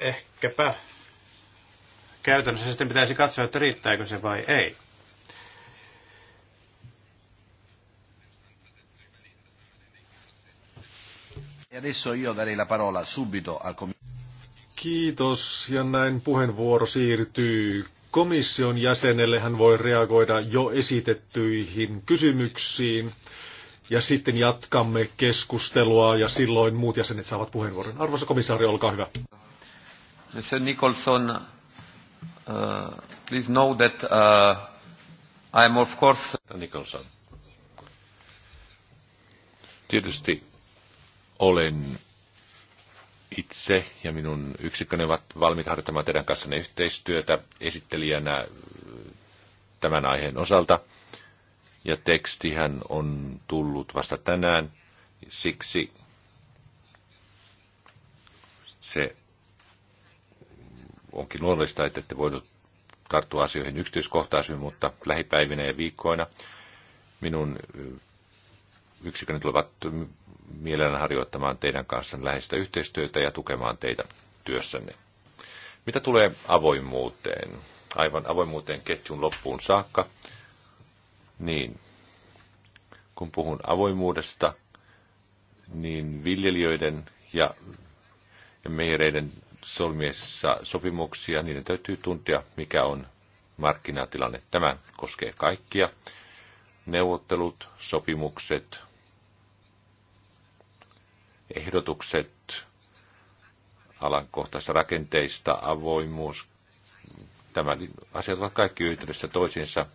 Ehkäpä käytännössä sitten pitäisi katsoa, että riittääkö se vai ei. Kiitos, ja näin puheenvuoro siirtyy komission jäsenelle hän voi reagoida jo esitettyihin kysymyksiin. Ja sitten jatkamme keskustelua ja silloin muut jäsenet saavat puheenvuoron. Arvoisa komissaari, olkaa hyvä. Mr. Nicholson, uh, please know that uh, I am of course... Nicholson. Tietysti olen itse ja minun yksikköni ovat valmiit harjoittamaan teidän kanssanne yhteistyötä esittelijänä äh, tämän aiheen osalta. Ja tekstihän on tullut vasta tänään, siksi se onkin luonnollista, että ette voinut tarttua asioihin yksityiskohtaisemmin, mutta lähipäivinä ja viikkoina minun äh, yksiköni tulevat mielellään harjoittamaan teidän kanssa läheistä yhteistyötä ja tukemaan teitä työssänne. Mitä tulee avoimuuteen? Aivan avoimuuteen ketjun loppuun saakka. Niin, kun puhun avoimuudesta, niin viljelijöiden ja, ja meijereiden solmiessa sopimuksia, niiden täytyy tuntia, mikä on markkinatilanne. Tämä koskee kaikkia. Neuvottelut, sopimukset, ehdotukset alankohtaisista rakenteista, avoimuus, tämä asiat ovat kaikki yhteydessä toisiinsa.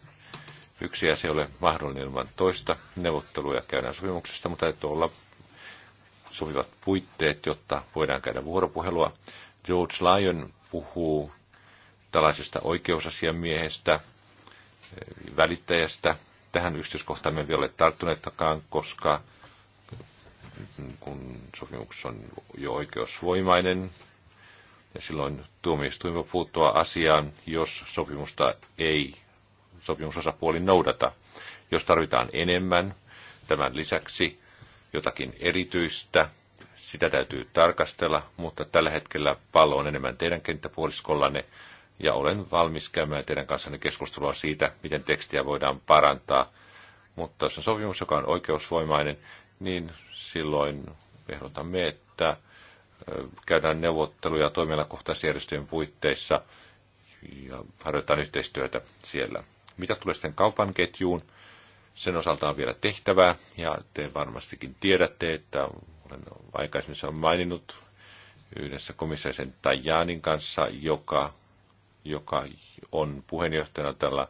Yksi asia ei ole mahdollinen ilman toista. Neuvotteluja käydään sopimuksesta, mutta täytyy olla sopivat puitteet, jotta voidaan käydä vuoropuhelua. George Lyon puhuu tällaisesta oikeusasiamiehestä, välittäjästä. Tähän yksityiskohtaan me ei vielä ole tarttuneetakaan, koska niin kun sopimus on jo oikeusvoimainen. Ja silloin tuomioistuin voi puuttua asiaan, jos sopimusta ei sopimusosapuoli noudata. Jos tarvitaan enemmän, tämän lisäksi jotakin erityistä, sitä täytyy tarkastella, mutta tällä hetkellä pallo on enemmän teidän kenttäpuoliskollanne, ja olen valmis käymään teidän kanssanne keskustelua siitä, miten tekstiä voidaan parantaa. Mutta jos on sopimus, joka on oikeusvoimainen, niin silloin ehdotamme, että käydään neuvotteluja toimialakohtaisjärjestöjen puitteissa ja harjoitetaan yhteistyötä siellä. Mitä tulee sitten kaupan ketjuun, sen osalta on vielä tehtävää ja te varmastikin tiedätte, että olen aikaisemmin maininnut yhdessä komissaisen Tajanin kanssa, joka, joka on puheenjohtajana tällä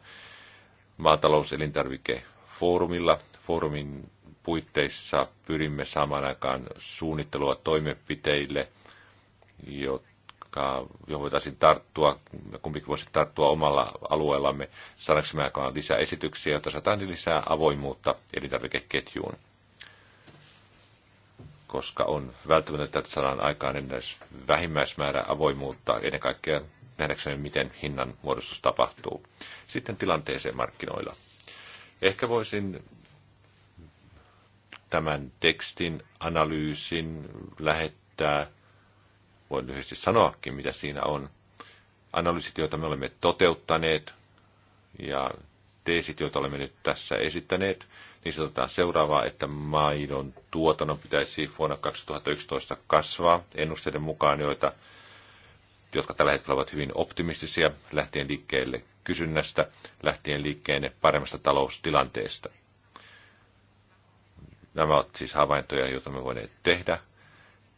maatalouselintarvikefoorumilla. Foorumin puitteissa pyrimme saamaan aikaan suunnittelua toimenpiteille, jotka, johon voitaisiin tarttua, kumpikin voisi tarttua omalla alueellamme, saadaanko me aikaan lisää esityksiä, jotta saadaan lisää avoimuutta elintarvikeketjuun koska on välttämätöntä, että saadaan aikaan edes vähimmäismäärä avoimuutta, ennen kaikkea nähdäksemme, miten hinnan muodostus tapahtuu. Sitten tilanteeseen markkinoilla. Ehkä voisin tämän tekstin analyysin lähettää, voin lyhyesti sanoakin, mitä siinä on, analyysit, joita me olemme toteuttaneet ja teesit, joita olemme nyt tässä esittäneet, niin sanotaan seuraavaa, että maidon tuotannon pitäisi vuonna 2011 kasvaa ennusteiden mukaan, joita, jotka tällä hetkellä ovat hyvin optimistisia, lähtien liikkeelle kysynnästä, lähtien liikkeelle paremmasta taloustilanteesta. Nämä ovat siis havaintoja, joita me voimme tehdä.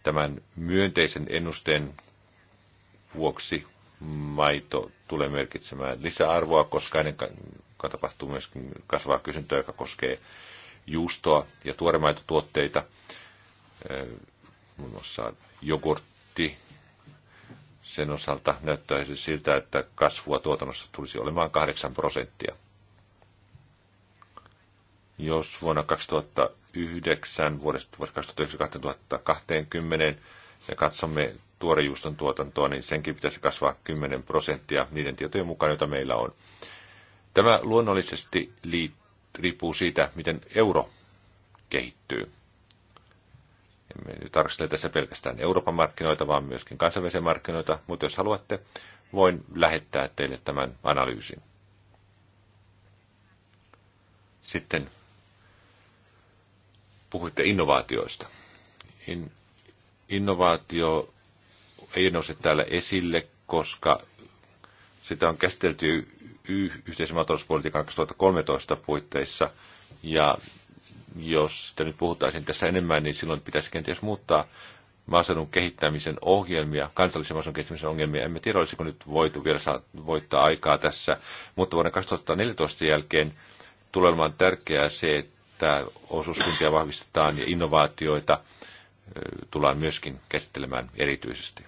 Tämän myönteisen ennusteen vuoksi maito tulee merkitsemään lisäarvoa, koska ennen kuin tapahtuu myös kasvaa kysyntöä, joka koskee juustoa ja tuoremaitotuotteita, muun muassa jogurtti. Sen osalta näyttäisi siltä, että kasvua tuotannossa tulisi olemaan 8 prosenttia. Jos vuonna 2000 2009 vuodesta vuodesta 2020 ja katsomme tuorejuuston tuotantoa, niin senkin pitäisi kasvaa 10 prosenttia niiden tietojen mukaan, joita meillä on. Tämä luonnollisesti riippuu siitä, miten euro kehittyy. Emme nyt tarkastele tässä pelkästään Euroopan markkinoita, vaan myöskin kansainvälisiä markkinoita, mutta jos haluatte, voin lähettää teille tämän analyysin. Sitten puhuitte innovaatioista. In, innovaatio ei nouse täällä esille, koska sitä on käsitelty yhteisen maatalouspolitiikan 2013 puitteissa. Ja jos sitä nyt puhutaan tässä enemmän, niin silloin pitäisi kenties muuttaa maaseudun kehittämisen ohjelmia, kansallisen maaseudun kehittämisen ongelmia. Emme tiedä, olisiko nyt voitu vielä saa, voittaa aikaa tässä, mutta vuoden 2014 jälkeen tulee olemaan tärkeää se, että että osuuskuntia vahvistetaan ja innovaatioita tullaan myöskin käsittelemään erityisesti.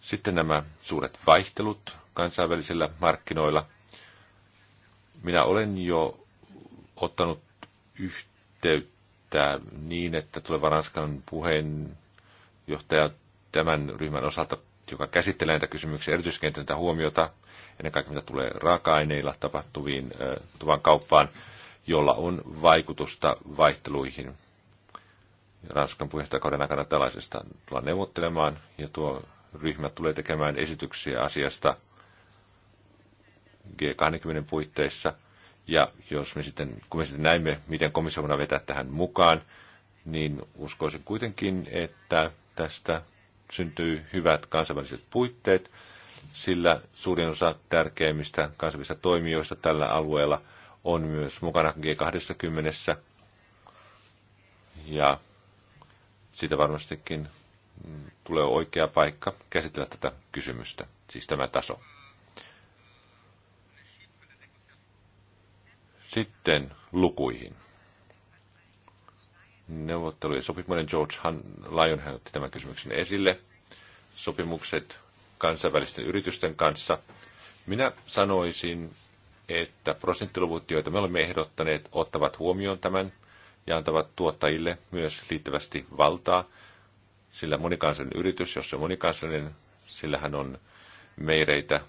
Sitten nämä suuret vaihtelut kansainvälisillä markkinoilla. Minä olen jo ottanut yhteyttä niin, että tuleva Ranskan puheenjohtaja tämän ryhmän osalta joka käsittelee näitä kysymyksiä, erityisesti huomiota ennen kaikkea mitä tulee raaka-aineilla tapahtuviin tuvan kauppaan, jolla on vaikutusta vaihteluihin. Ranskan puheenjohtajakauden aikana tällaisesta tullaan neuvottelemaan ja tuo ryhmä tulee tekemään esityksiä asiasta G20 puitteissa. Ja jos me sitten, kun me sitten näemme, miten komissio vetää tähän mukaan, niin uskoisin kuitenkin, että tästä syntyy hyvät kansainväliset puitteet, sillä suurin osa tärkeimmistä kansainvälisistä toimijoista tällä alueella on myös mukana G20. Ja siitä varmastikin mm, tulee oikea paikka käsitellä tätä kysymystä, siis tämä taso. Sitten lukuihin neuvottelujen sopimuksen George Lyon otti tämän kysymyksen esille. Sopimukset kansainvälisten yritysten kanssa. Minä sanoisin, että prosenttiluvut, joita me olemme ehdottaneet, ottavat huomioon tämän ja antavat tuottajille myös liittävästi valtaa, sillä monikansallinen yritys, jos se on monikansallinen, sillähän on meireitä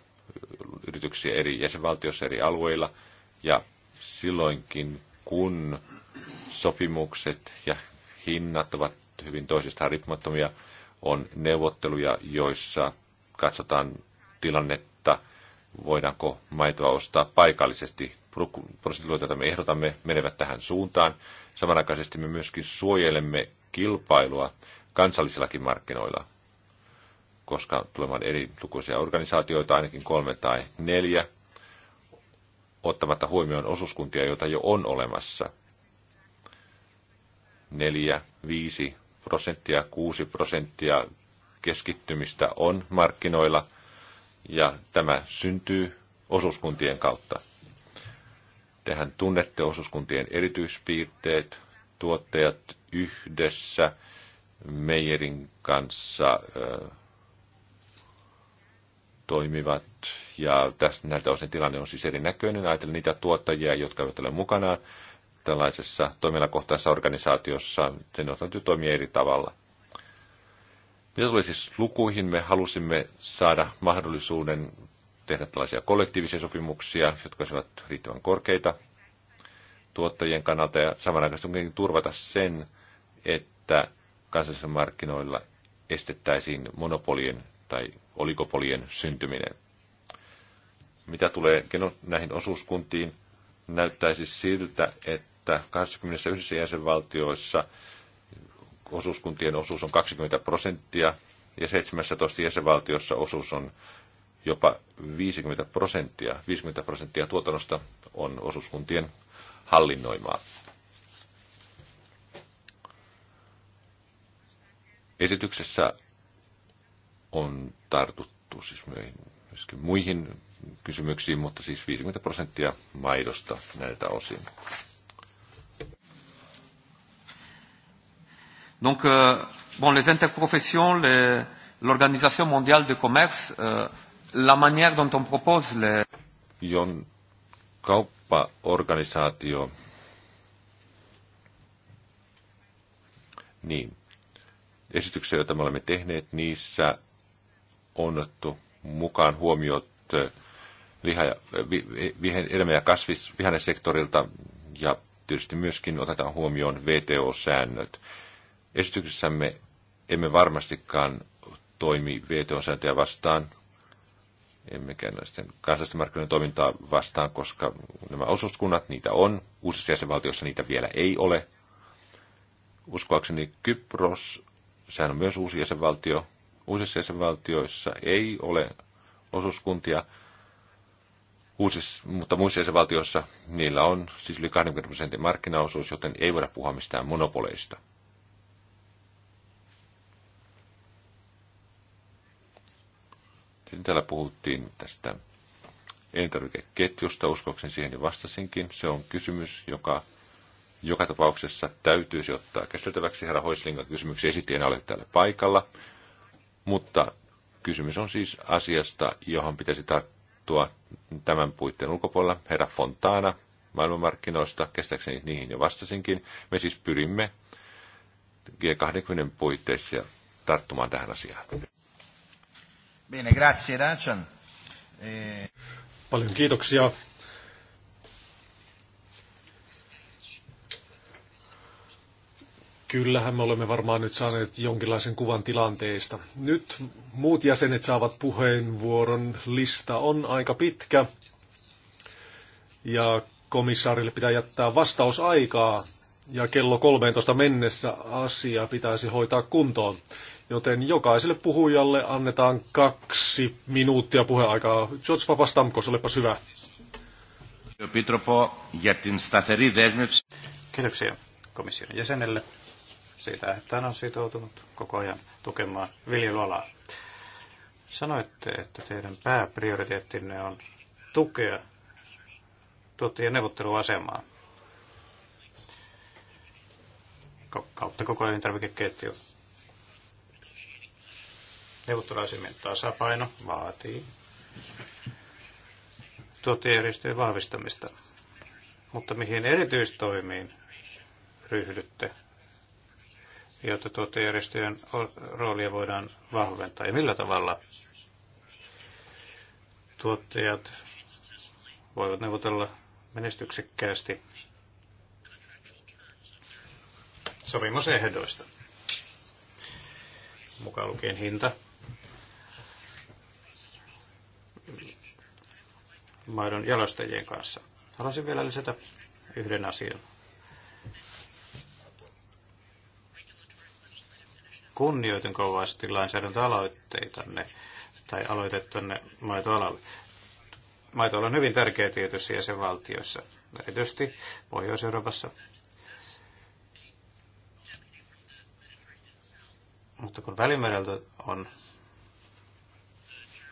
yrityksiä eri jäsenvaltioissa eri alueilla, ja silloinkin kun sopimukset ja hinnat ovat hyvin toisistaan riippumattomia. On neuvotteluja, joissa katsotaan tilannetta, voidaanko maitoa ostaa paikallisesti. Prosentiluvut, joita me ehdotamme, menevät tähän suuntaan. Samanaikaisesti me myöskin suojelemme kilpailua kansallisillakin markkinoilla, koska tulemaan eri lukuisia organisaatioita, ainakin kolme tai neljä, ottamatta huomioon osuuskuntia, joita jo on olemassa – 4, 5 prosenttia, 6 prosenttia keskittymistä on markkinoilla ja tämä syntyy osuuskuntien kautta. Tehän tunnette osuuskuntien erityispiirteet, tuottajat yhdessä Meijerin kanssa ö, toimivat. Ja tässä näiltä osin tilanne on siis erinäköinen. Ajatellen niitä tuottajia, jotka eivät ole mukanaan tällaisessa toimialakohtaisessa organisaatiossa, sen täytyy toimia eri tavalla. Mitä tuli siis lukuihin, me halusimme saada mahdollisuuden tehdä tällaisia kollektiivisia sopimuksia, jotka olisivat riittävän korkeita tuottajien kannalta ja samanaikaisesti turvata sen, että kansallisilla markkinoilla estettäisiin monopolien tai oligopolien syntyminen. Mitä tulee näihin osuuskuntiin, näyttäisi siltä, että että 21 jäsenvaltioissa osuuskuntien osuus on 20 prosenttia ja 17 jäsenvaltiossa osuus on jopa 50 prosenttia. 50 prosenttia tuotannosta on osuuskuntien hallinnoimaa. Esityksessä on tartuttu siis myöskin muihin kysymyksiin, mutta siis 50 prosenttia maidosta näiltä osin. Donc, euh, bon, les interprofessions, l'Organisation mondiale de commerce, euh, la manière dont on propose les... Jon kauppaorganisaatio. Niin. Esityksiä, joita me olemme tehneet, niissä on otettu mukaan huomiot liha- ja, vi, vi, vi, ja kasvis, vihannesektorilta ja tietysti myöskin otetaan huomioon VTO-säännöt. Esityksessämme emme varmastikaan toimi VTO-sääntöjä vastaan, emmekä näisten kansallisten markkinoiden toimintaa vastaan, koska nämä osuuskunnat, niitä on. Uusissa jäsenvaltioissa niitä vielä ei ole. Uskoakseni Kypros, sehän on myös uusi jäsenvaltio. Uusissa jäsenvaltioissa ei ole osuuskuntia, Uusis, mutta muissa jäsenvaltioissa niillä on siis yli 20 prosentin markkinaosuus, joten ei voida puhua mistään monopoleista. Sitten niin täällä puhuttiin tästä elintarvikeketjusta, uskoksen siihen jo vastasinkin. Se on kysymys, joka joka tapauksessa täytyisi ottaa käsiteltäväksi. Herra Hoislingan kysymyksiä esitti, en ole täällä paikalla. Mutta kysymys on siis asiasta, johon pitäisi tarttua tämän puitteen ulkopuolella. Herra Fontana maailmanmarkkinoista, kestääkseni niihin jo vastasinkin. Me siis pyrimme G20 puitteissa tarttumaan tähän asiaan. Bene, grazie Dacian. E... Eh, Paljon kiitoksia. Kyllähän me olemme varmaan nyt saaneet jonkinlaisen kuvan tilanteesta. Nyt muut jäsenet saavat puheenvuoron. Lista on aika pitkä. Ja komissaarille pitää jättää vastausaikaa. Ja kello 13 mennessä asia pitäisi hoitaa kuntoon. Joten jokaiselle puhujalle annetaan kaksi minuuttia puheaikaa. George Papastamkos, olepas hyvä. Kiitoksia komission jäsenelle siitä, että hän on sitoutunut koko ajan tukemaan viljelualaa. Sanoitte, että teidän pääprioriteettinne on tukea tuottajien neuvotteluasemaa kautta koko ajan tarvikeketju. Neuvottelaisemmin tasapaino vaatii tuottajajärjestöjen vahvistamista. Mutta mihin erityistoimiin ryhdytte, jotta tuottajajärjestöjen roolia voidaan vahventaa ja millä tavalla tuottajat voivat neuvotella menestyksekkäästi sopimusehdoista, mukaan lukien hinta, maidon jalostajien kanssa. Haluaisin vielä lisätä yhden asian. Kunnioitin kovasti lainsäädäntöaloitteitanne tai aloitettanne maitoalalle. Maitoala on hyvin tärkeä tietyissä jäsenvaltioissa, erityisesti Pohjois-Euroopassa. Mutta kun Välimereltä on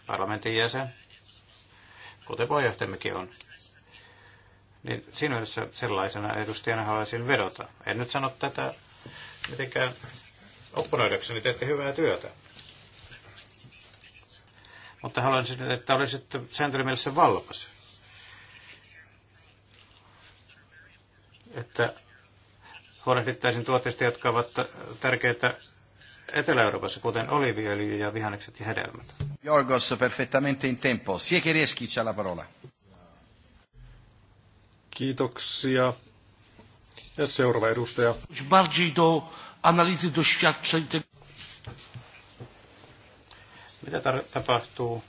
parlamentin jäsen, kuten puheenjohtajammekin on. Niin siinä sellaisena edustajana haluaisin vedota. En nyt sano tätä mitenkään opponoidakseni, teette hyvää työtä. Mutta haluaisin, siis, että olisitte sääntelymielessä valpas. Että huolehdittaisin tuotteista, jotka ovat tärkeitä Etelä-Euroopassa, kuten oliviöljy ja vihannekset ja hedelmät. Jorgos, perfettamente in tempo. Siekereski, c'è la parola. Kiitoksia. Ja seuraava edustaja. Bardziej do analizy doświadczeń. Mitä tar- tapahtuu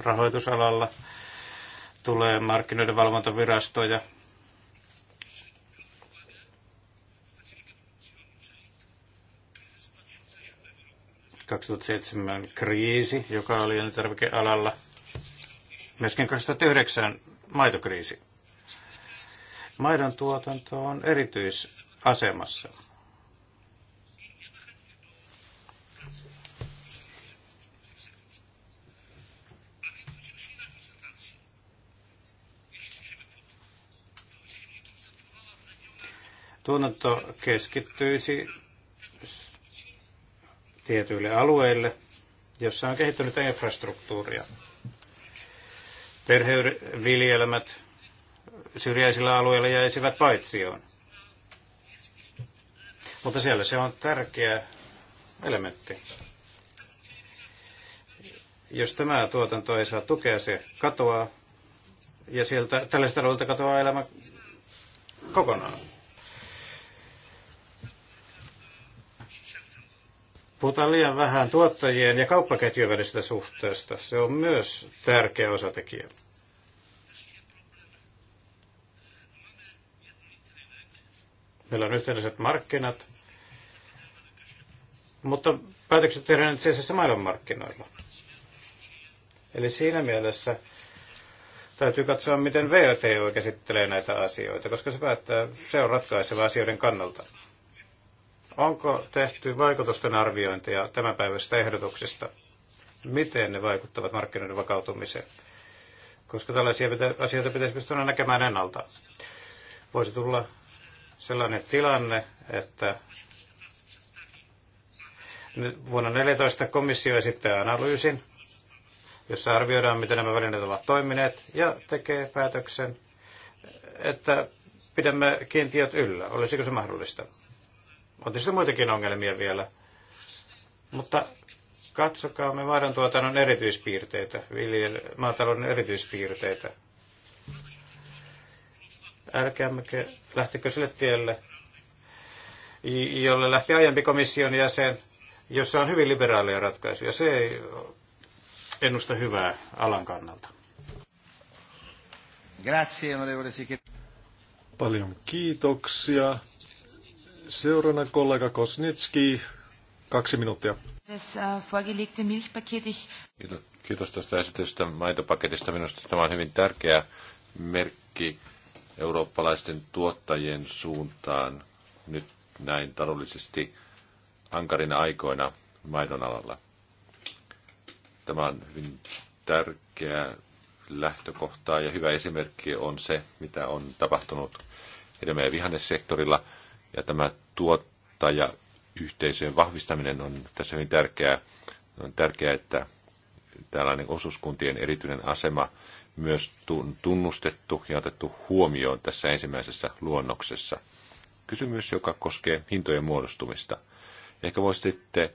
rahoitusalalla? Tulee markkinoiden ja 2007 kriisi, joka oli elintarvikealalla. Myöskin 2009 maitokriisi. Maidon tuotanto on erityisasemassa. Tuotanto keskittyisi tietyille alueille, jossa on kehittynyt infrastruktuuria. Perheviljelmät syrjäisillä alueilla jäisivät paitsioon. Mutta siellä se on tärkeä elementti. Jos tämä tuotanto ei saa tukea, se katoaa. Ja sieltä tällaiset alueelta katoaa elämä kokonaan. Puhutaan liian vähän tuottajien ja kauppaketjujen välisestä suhteesta. Se on myös tärkeä osatekijä. Meillä on yhtenäiset markkinat, mutta päätökset tehdään itse asiassa maailmanmarkkinoilla. Eli siinä mielessä täytyy katsoa, miten VTO käsittelee näitä asioita, koska se päättää, se on ratkaiseva asioiden kannalta. Onko tehty vaikutusten arviointia tämän ehdotuksista? Miten ne vaikuttavat markkinoiden vakautumiseen? Koska tällaisia asioita pitäisi pystyä näkemään ennalta. Voisi tulla sellainen tilanne, että vuonna 2014 komissio esittää analyysin, jossa arvioidaan, miten nämä välineet ovat toimineet, ja tekee päätöksen, että pidämme kiintiöt yllä. Olisiko se mahdollista? On tietysti muitakin ongelmia vielä, mutta katsokaamme maidontuotannon erityispiirteitä, viljel- maatalouden erityispiirteitä. Älkäämmekö lähtekö sille tielle, jolle lähti aiempi komission jäsen, jossa on hyvin liberaaleja ratkaisuja. Se ei ennusta hyvää alan kannalta. Grazie, Paljon kiitoksia. Seuraavana kollega Kosnitski, kaksi minuuttia. Äh, kiitos tästä esitystä maitopaketista. Minusta tämä on hyvin tärkeä merkki eurooppalaisten tuottajien suuntaan nyt näin taloudellisesti ankarina aikoina maidon alalla. Tämä on hyvin tärkeä lähtökohta ja hyvä esimerkki on se, mitä on tapahtunut hedelmä- ja vihannessektorilla – ja tämä tuottaja yhteisöjen vahvistaminen on tässä hyvin tärkeää. On tärkeää, että tällainen osuuskuntien erityinen asema myös tunnustettu ja otettu huomioon tässä ensimmäisessä luonnoksessa. Kysymys, joka koskee hintojen muodostumista. Ehkä voisitte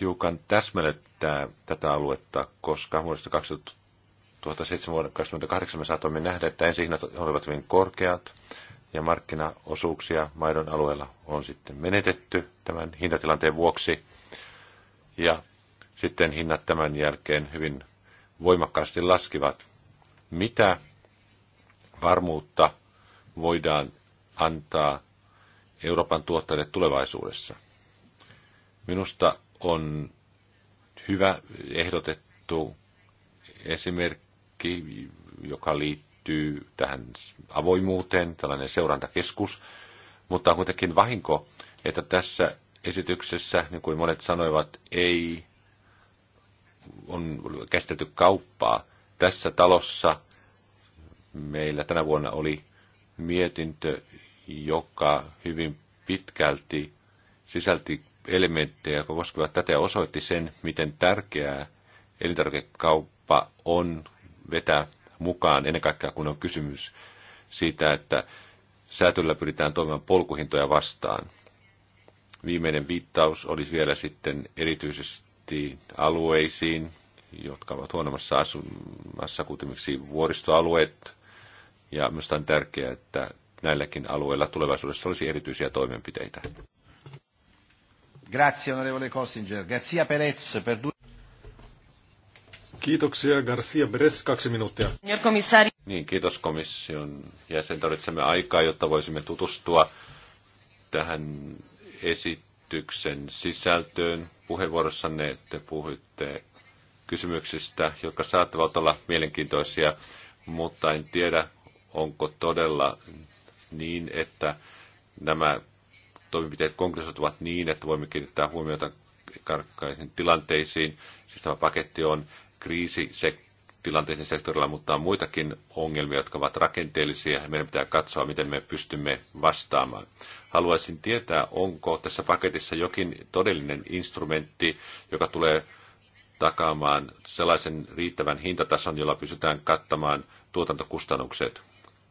hiukan täsmällyttää tätä aluetta, koska vuodesta 2007 vuoden 2008 me saatoimme nähdä, että hinnat olivat hyvin korkeat, ja markkinaosuuksia maidon alueella on sitten menetetty tämän hintatilanteen vuoksi. Ja sitten hinnat tämän jälkeen hyvin voimakkaasti laskivat. Mitä varmuutta voidaan antaa Euroopan tuottajille tulevaisuudessa? Minusta on hyvä ehdotettu esimerkki, joka liittyy liittyy tähän avoimuuteen, tällainen seurantakeskus, mutta on kuitenkin vahinko, että tässä esityksessä, niin kuin monet sanoivat, ei on käsitelty kauppaa. Tässä talossa meillä tänä vuonna oli mietintö, joka hyvin pitkälti sisälti elementtejä, jotka koskevat tätä ja osoitti sen, miten tärkeää elintarvikekauppa on vetää mukaan, ennen kaikkea kun on kysymys siitä, että säätöllä pyritään toimimaan polkuhintoja vastaan. Viimeinen viittaus olisi vielä sitten erityisesti alueisiin, jotka ovat huonommassa asumassa, kuten vuoristoalueet. Ja minusta on tärkeää, että näilläkin alueilla tulevaisuudessa olisi erityisiä toimenpiteitä. Grazie onorevole Perez per due... Kiitoksia, Garcia Beres, kaksi minuuttia. Niin, kiitos komission jäsen. Tarvitsemme aikaa, jotta voisimme tutustua tähän esityksen sisältöön. Puheenvuorossanne te puhuitte kysymyksistä, jotka saattavat olla mielenkiintoisia, mutta en tiedä, onko todella niin, että nämä toimenpiteet konkretisoituvat niin, että voimme kiinnittää huomiota karkkaisiin tilanteisiin. Siis tämä paketti on kriisi se tilanteeseen sektorilla, mutta on muitakin ongelmia, jotka ovat rakenteellisia ja meidän pitää katsoa, miten me pystymme vastaamaan. Haluaisin tietää, onko tässä paketissa jokin todellinen instrumentti, joka tulee takaamaan sellaisen riittävän hintatason, jolla pystytään kattamaan tuotantokustannukset,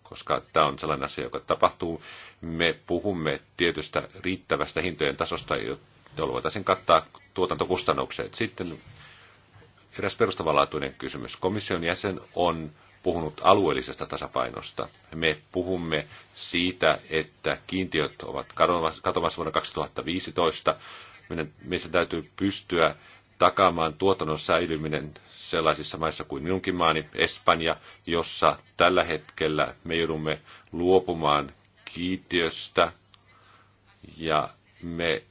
koska tämä on sellainen asia, joka tapahtuu. Me puhumme tietystä riittävästä hintojen tasosta, jolla voitaisiin kattaa tuotantokustannukset. Sitten eräs perustavanlaatuinen kysymys. Komission jäsen on puhunut alueellisesta tasapainosta. Me puhumme siitä, että kiintiöt ovat katoamassa vuonna 2015. Meistä täytyy pystyä takaamaan tuotannon säilyminen sellaisissa maissa kuin minunkin maani, Espanja, jossa tällä hetkellä me joudumme luopumaan kiintiöstä ja me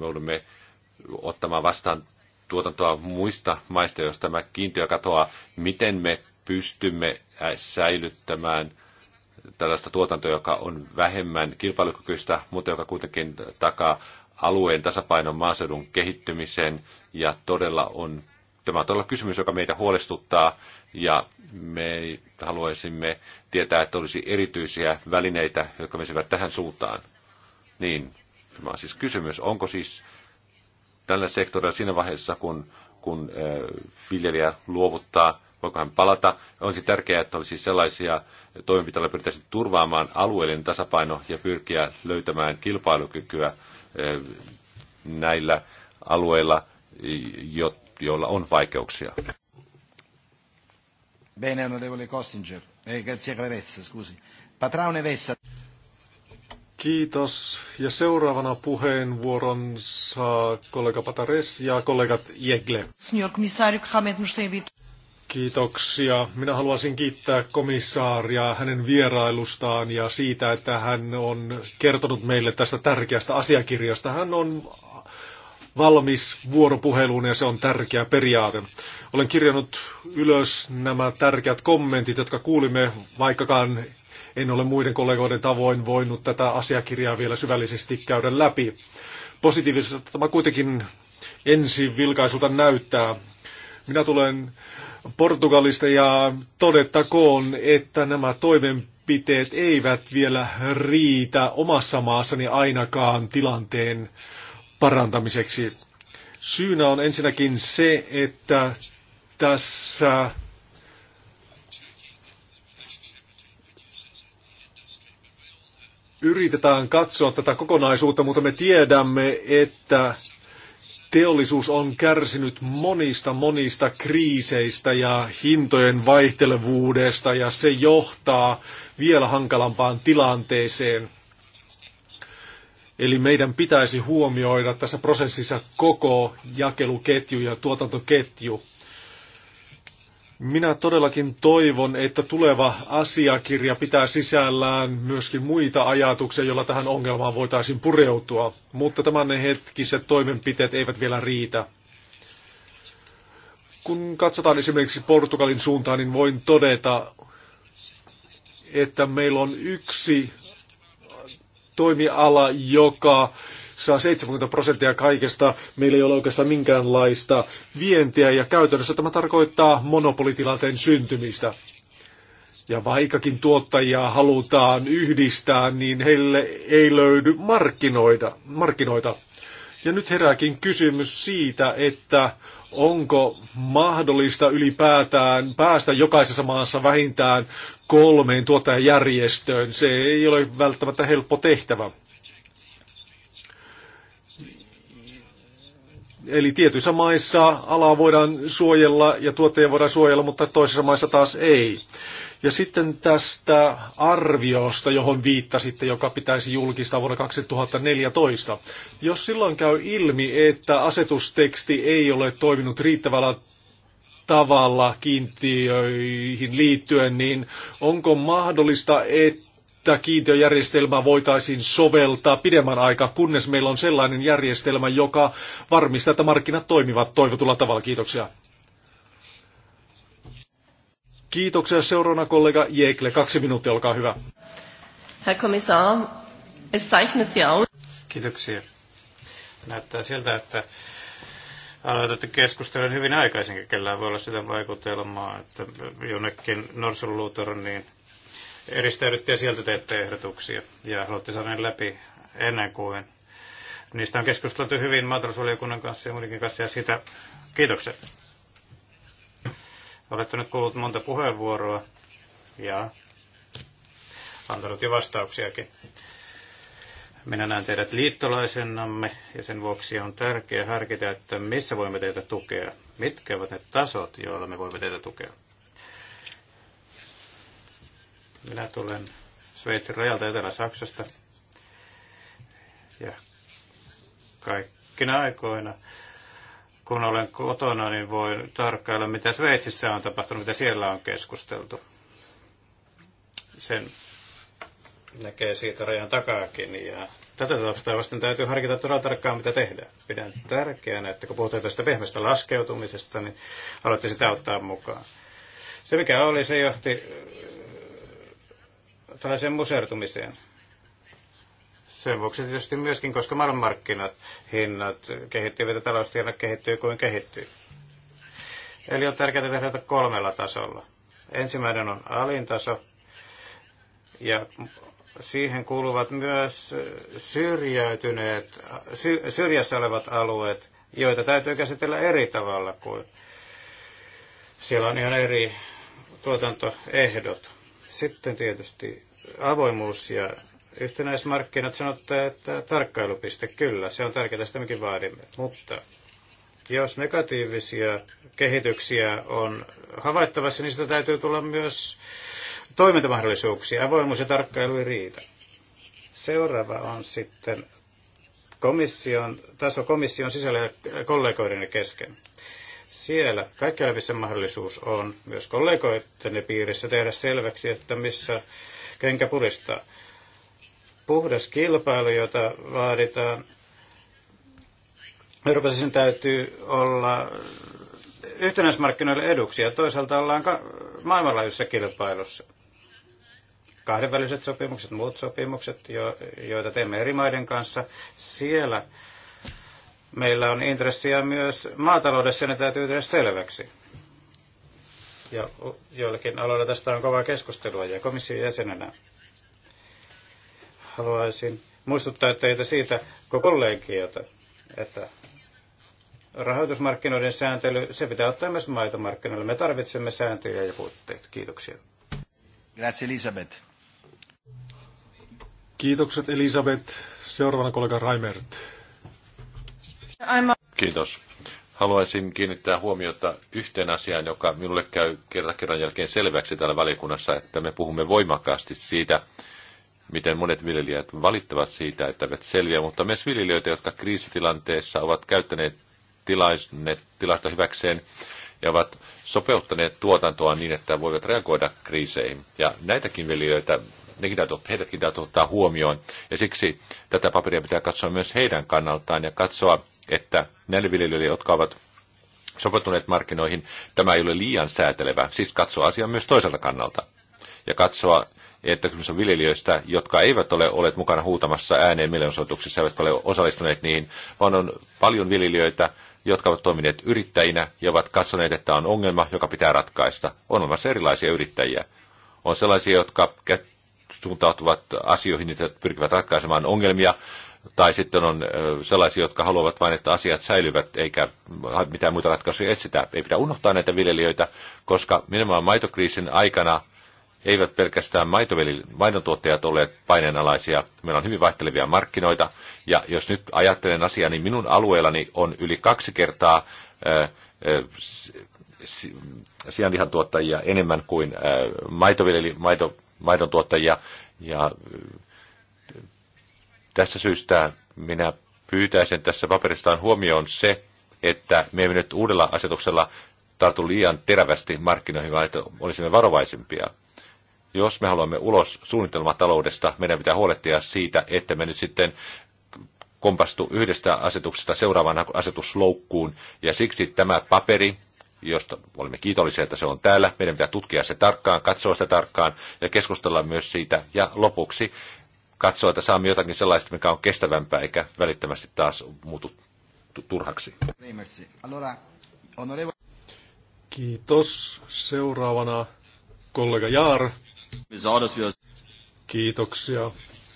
olemme ottamaan vastaan tuotantoa muista maista, jos tämä kiintiö katoaa, miten me pystymme äh, säilyttämään tällaista tuotantoa, joka on vähemmän kilpailukykyistä, mutta joka kuitenkin takaa alueen tasapainon maaseudun kehittymisen ja todella on, tämä on todella kysymys, joka meitä huolestuttaa ja me haluaisimme tietää, että olisi erityisiä välineitä, jotka menisivät tähän suuntaan. Niin, tämä on siis kysymys, onko siis tällä sektorilla siinä vaiheessa, kun, kun viljelijä luovuttaa, voiko hän palata. Olisi tärkeää, että olisi sellaisia toimenpiteitä, pyrittäisiin turvaamaan alueellinen tasapaino ja pyrkiä löytämään kilpailukykyä näillä alueilla, joilla on vaikeuksia. Bene, onorevole Kostinger. Eh, grazie, Crevessa, scusi. Patrone Vessa. Kiitos. Ja seuraavana puheenvuoron saa kollega Patares ja kollegat Jegle. Kiitoksia. Minä haluaisin kiittää komissaaria hänen vierailustaan ja siitä, että hän on kertonut meille tästä tärkeästä asiakirjasta. Hän on valmis vuoropuheluun ja se on tärkeä periaate. Olen kirjannut ylös nämä tärkeät kommentit, jotka kuulimme, vaikkakaan en ole muiden kollegoiden tavoin voinut tätä asiakirjaa vielä syvällisesti käydä läpi. Positiivisesti tämä kuitenkin ensi vilkaisulta näyttää. Minä tulen Portugalista ja todettakoon, että nämä toimenpiteet eivät vielä riitä omassa maassani ainakaan tilanteen parantamiseksi. Syynä on ensinnäkin se, että tässä yritetään katsoa tätä kokonaisuutta, mutta me tiedämme, että teollisuus on kärsinyt monista monista kriiseistä ja hintojen vaihtelevuudesta ja se johtaa vielä hankalampaan tilanteeseen. Eli meidän pitäisi huomioida tässä prosessissa koko jakeluketju ja tuotantoketju. Minä todellakin toivon, että tuleva asiakirja pitää sisällään myöskin muita ajatuksia, joilla tähän ongelmaan voitaisiin pureutua, mutta tämänhetkiset hetkiset toimenpiteet eivät vielä riitä. Kun katsotaan esimerkiksi Portugalin suuntaan, niin voin todeta, että meillä on yksi toimiala, joka 70 prosenttia kaikesta. Meillä ei ole oikeastaan minkäänlaista vientiä ja käytännössä tämä tarkoittaa monopolitilanteen syntymistä. Ja vaikkakin tuottajia halutaan yhdistää, niin heille ei löydy markkinoita. markkinoita. Ja nyt herääkin kysymys siitä, että onko mahdollista ylipäätään päästä jokaisessa maassa vähintään kolmeen tuottajajärjestöön. Se ei ole välttämättä helppo tehtävä. Eli tietyissä maissa alaa voidaan suojella ja tuottajia voidaan suojella, mutta toisissa maissa taas ei. Ja sitten tästä arviosta, johon viittasitte, joka pitäisi julkistaa vuonna 2014. Jos silloin käy ilmi, että asetusteksti ei ole toiminut riittävällä tavalla kiintiöihin liittyen, niin onko mahdollista, että tätä kiintiöjärjestelmää voitaisiin soveltaa pidemmän aikaa, kunnes meillä on sellainen järjestelmä, joka varmistaa, että markkinat toimivat toivotulla tavalla. Kiitoksia. Kiitoksia seuraavana kollega Jekle. Kaksi minuuttia, olkaa hyvä. Herr Kommissar, es zeichnet Sie aus. Kiitoksia. Näyttää siltä, että aloitatte keskustelun hyvin aikaisin, kellään voi olla sitä vaikutelmaa, että jonnekin norsunluutorniin eristäydytte ja sieltä teette ehdotuksia ja haluatte saada ne läpi ennen kuin. Niistä on keskusteltu hyvin maatalousvaliokunnan kanssa ja muidenkin kanssa ja siitä kiitokset. Olette nyt kuullut monta puheenvuoroa ja antanut jo vastauksiakin. Minä näen teidät liittolaisennamme ja sen vuoksi on tärkeää harkita, että missä voimme teitä tukea. Mitkä ovat ne tasot, joilla me voimme teitä tukea? Minä tulen Sveitsin rajalta Etelä-Saksasta ja kaikkina aikoina, kun olen kotona, niin voin tarkkailla, mitä Sveitsissä on tapahtunut, mitä siellä on keskusteltu. Sen näkee siitä rajan takaakin. Ja tätä taustaa vasten täytyy harkita todella tarkkaan, mitä tehdään. Pidän tärkeänä, että kun puhutaan tästä pehmeästä laskeutumisesta, niin aloitte sitä ottaa mukaan. Se, mikä oli, se johti tai sen musertumiseen. Sen vuoksi tietysti myöskin, koska maailmanmarkkinat, hinnat kehittyvät ja taloustiedot kehittyy kuin kehittyy. Eli on tärkeää tehdä kolmella tasolla. Ensimmäinen on alintaso, ja siihen kuuluvat myös syrjäytyneet, syrjässä olevat alueet, joita täytyy käsitellä eri tavalla kuin siellä on ihan eri tuotantoehdot. Sitten tietysti avoimuus ja yhtenäismarkkinat sanottaa että tarkkailupiste, kyllä, se on tärkeää, sitä mekin vaadimme. Mutta jos negatiivisia kehityksiä on havaittavassa, niin sitä täytyy tulla myös toimintamahdollisuuksia. Avoimuus ja tarkkailu ei riitä. Seuraava on sitten komission, taso komission sisällä ja kollegoiden kesken. Siellä kaikkialla, missä mahdollisuus on, myös kollegoiden piirissä tehdä selväksi, että missä kenkä puristaa. Puhdas kilpailu, jota vaaditaan. Euroopassa sen täytyy olla yhtenäismarkkinoille eduksi ja toisaalta ollaan maailmanlaajuisessa kilpailussa. Kahdenväliset sopimukset, muut sopimukset, jo, joita teemme eri maiden kanssa, siellä meillä on intressiä myös maataloudessa ja ne täytyy tehdä selväksi. Ja joillakin aloilla tästä on kovaa keskustelua ja komission jäsenenä haluaisin muistuttaa teitä siitä koko kollegiota, että rahoitusmarkkinoiden sääntely, se pitää ottaa myös maitomarkkinoille. Me tarvitsemme sääntöjä ja puutteet. Kiitoksia. Grazie Elisabeth. Kiitokset Elisabeth. Seuraavana kollega Raimert. Kiitos haluaisin kiinnittää huomiota yhteen asiaan, joka minulle käy kerta kerran jälkeen selväksi täällä valiokunnassa, että me puhumme voimakkaasti siitä, miten monet viljelijät valittavat siitä, että eivät selviä, mutta myös viljelijöitä, jotka kriisitilanteessa ovat käyttäneet tilasta hyväkseen ja ovat sopeuttaneet tuotantoa niin, että voivat reagoida kriiseihin. Ja näitäkin viljelijöitä, nekin täytyy, heidätkin täytyy ottaa huomioon. Ja siksi tätä paperia pitää katsoa myös heidän kannaltaan ja katsoa, että näille viljelijöille, jotka ovat sopeutuneet markkinoihin, tämä ei ole liian säätelevä, siis katsoa asiaa myös toiselta kannalta. Ja katsoa, että kysymys on viljelijöistä, jotka eivät ole olleet mukana huutamassa ääneen mielenosoituksissa, eivätkä ole osallistuneet niihin, vaan on paljon viljelijöitä, jotka ovat toimineet yrittäjinä ja ovat katsoneet, että on ongelma, joka pitää ratkaista. On olemassa erilaisia yrittäjiä. On sellaisia, jotka suuntautuvat asioihin, jotka pyrkivät ratkaisemaan ongelmia, tai sitten on sellaisia, jotka haluavat vain, että asiat säilyvät eikä mitään muita ratkaisuja etsitä. Ei pidä unohtaa näitä viljelijöitä, koska nimenomaan maitokriisin aikana eivät pelkästään maidontuottajat olleet paineenalaisia. Meillä on hyvin vaihtelevia markkinoita. Ja jos nyt ajattelen asiaa, niin minun alueellani on yli kaksi kertaa sianlihan tuottajia enemmän kuin maidon tuottajia. Ja Tästä syystä minä pyytäisin tässä paperistaan huomioon se, että me emme nyt uudella asetuksella tartu liian terävästi markkinoihin, vaan että olisimme varovaisempia. Jos me haluamme ulos suunnitelmataloudesta, meidän pitää huolehtia siitä, että me nyt sitten kompastu yhdestä asetuksesta seuraavaan asetusloukkuun. Ja siksi tämä paperi, josta olemme kiitollisia, että se on täällä, meidän pitää tutkia se tarkkaan, katsoa sitä tarkkaan ja keskustella myös siitä. Ja lopuksi katsoa, että saamme jotakin sellaista, mikä on kestävämpää, eikä välittömästi taas muutu turhaksi. Niin, Kiitos. Seuraavana kollega Jaar. Kiitoksia.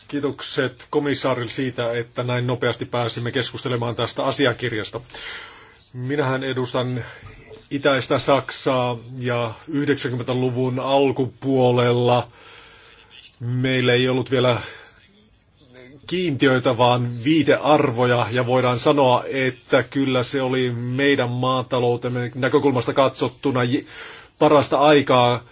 Kiitokset komissaarille siitä, että näin nopeasti pääsimme keskustelemaan tästä asiakirjasta. Minähän edustan itäistä Saksaa ja 90-luvun alkupuolella meillä ei ollut vielä kiintiöitä, vaan viitearvoja, ja voidaan sanoa, että kyllä se oli meidän maataloutemme näkökulmasta katsottuna parasta aikaa,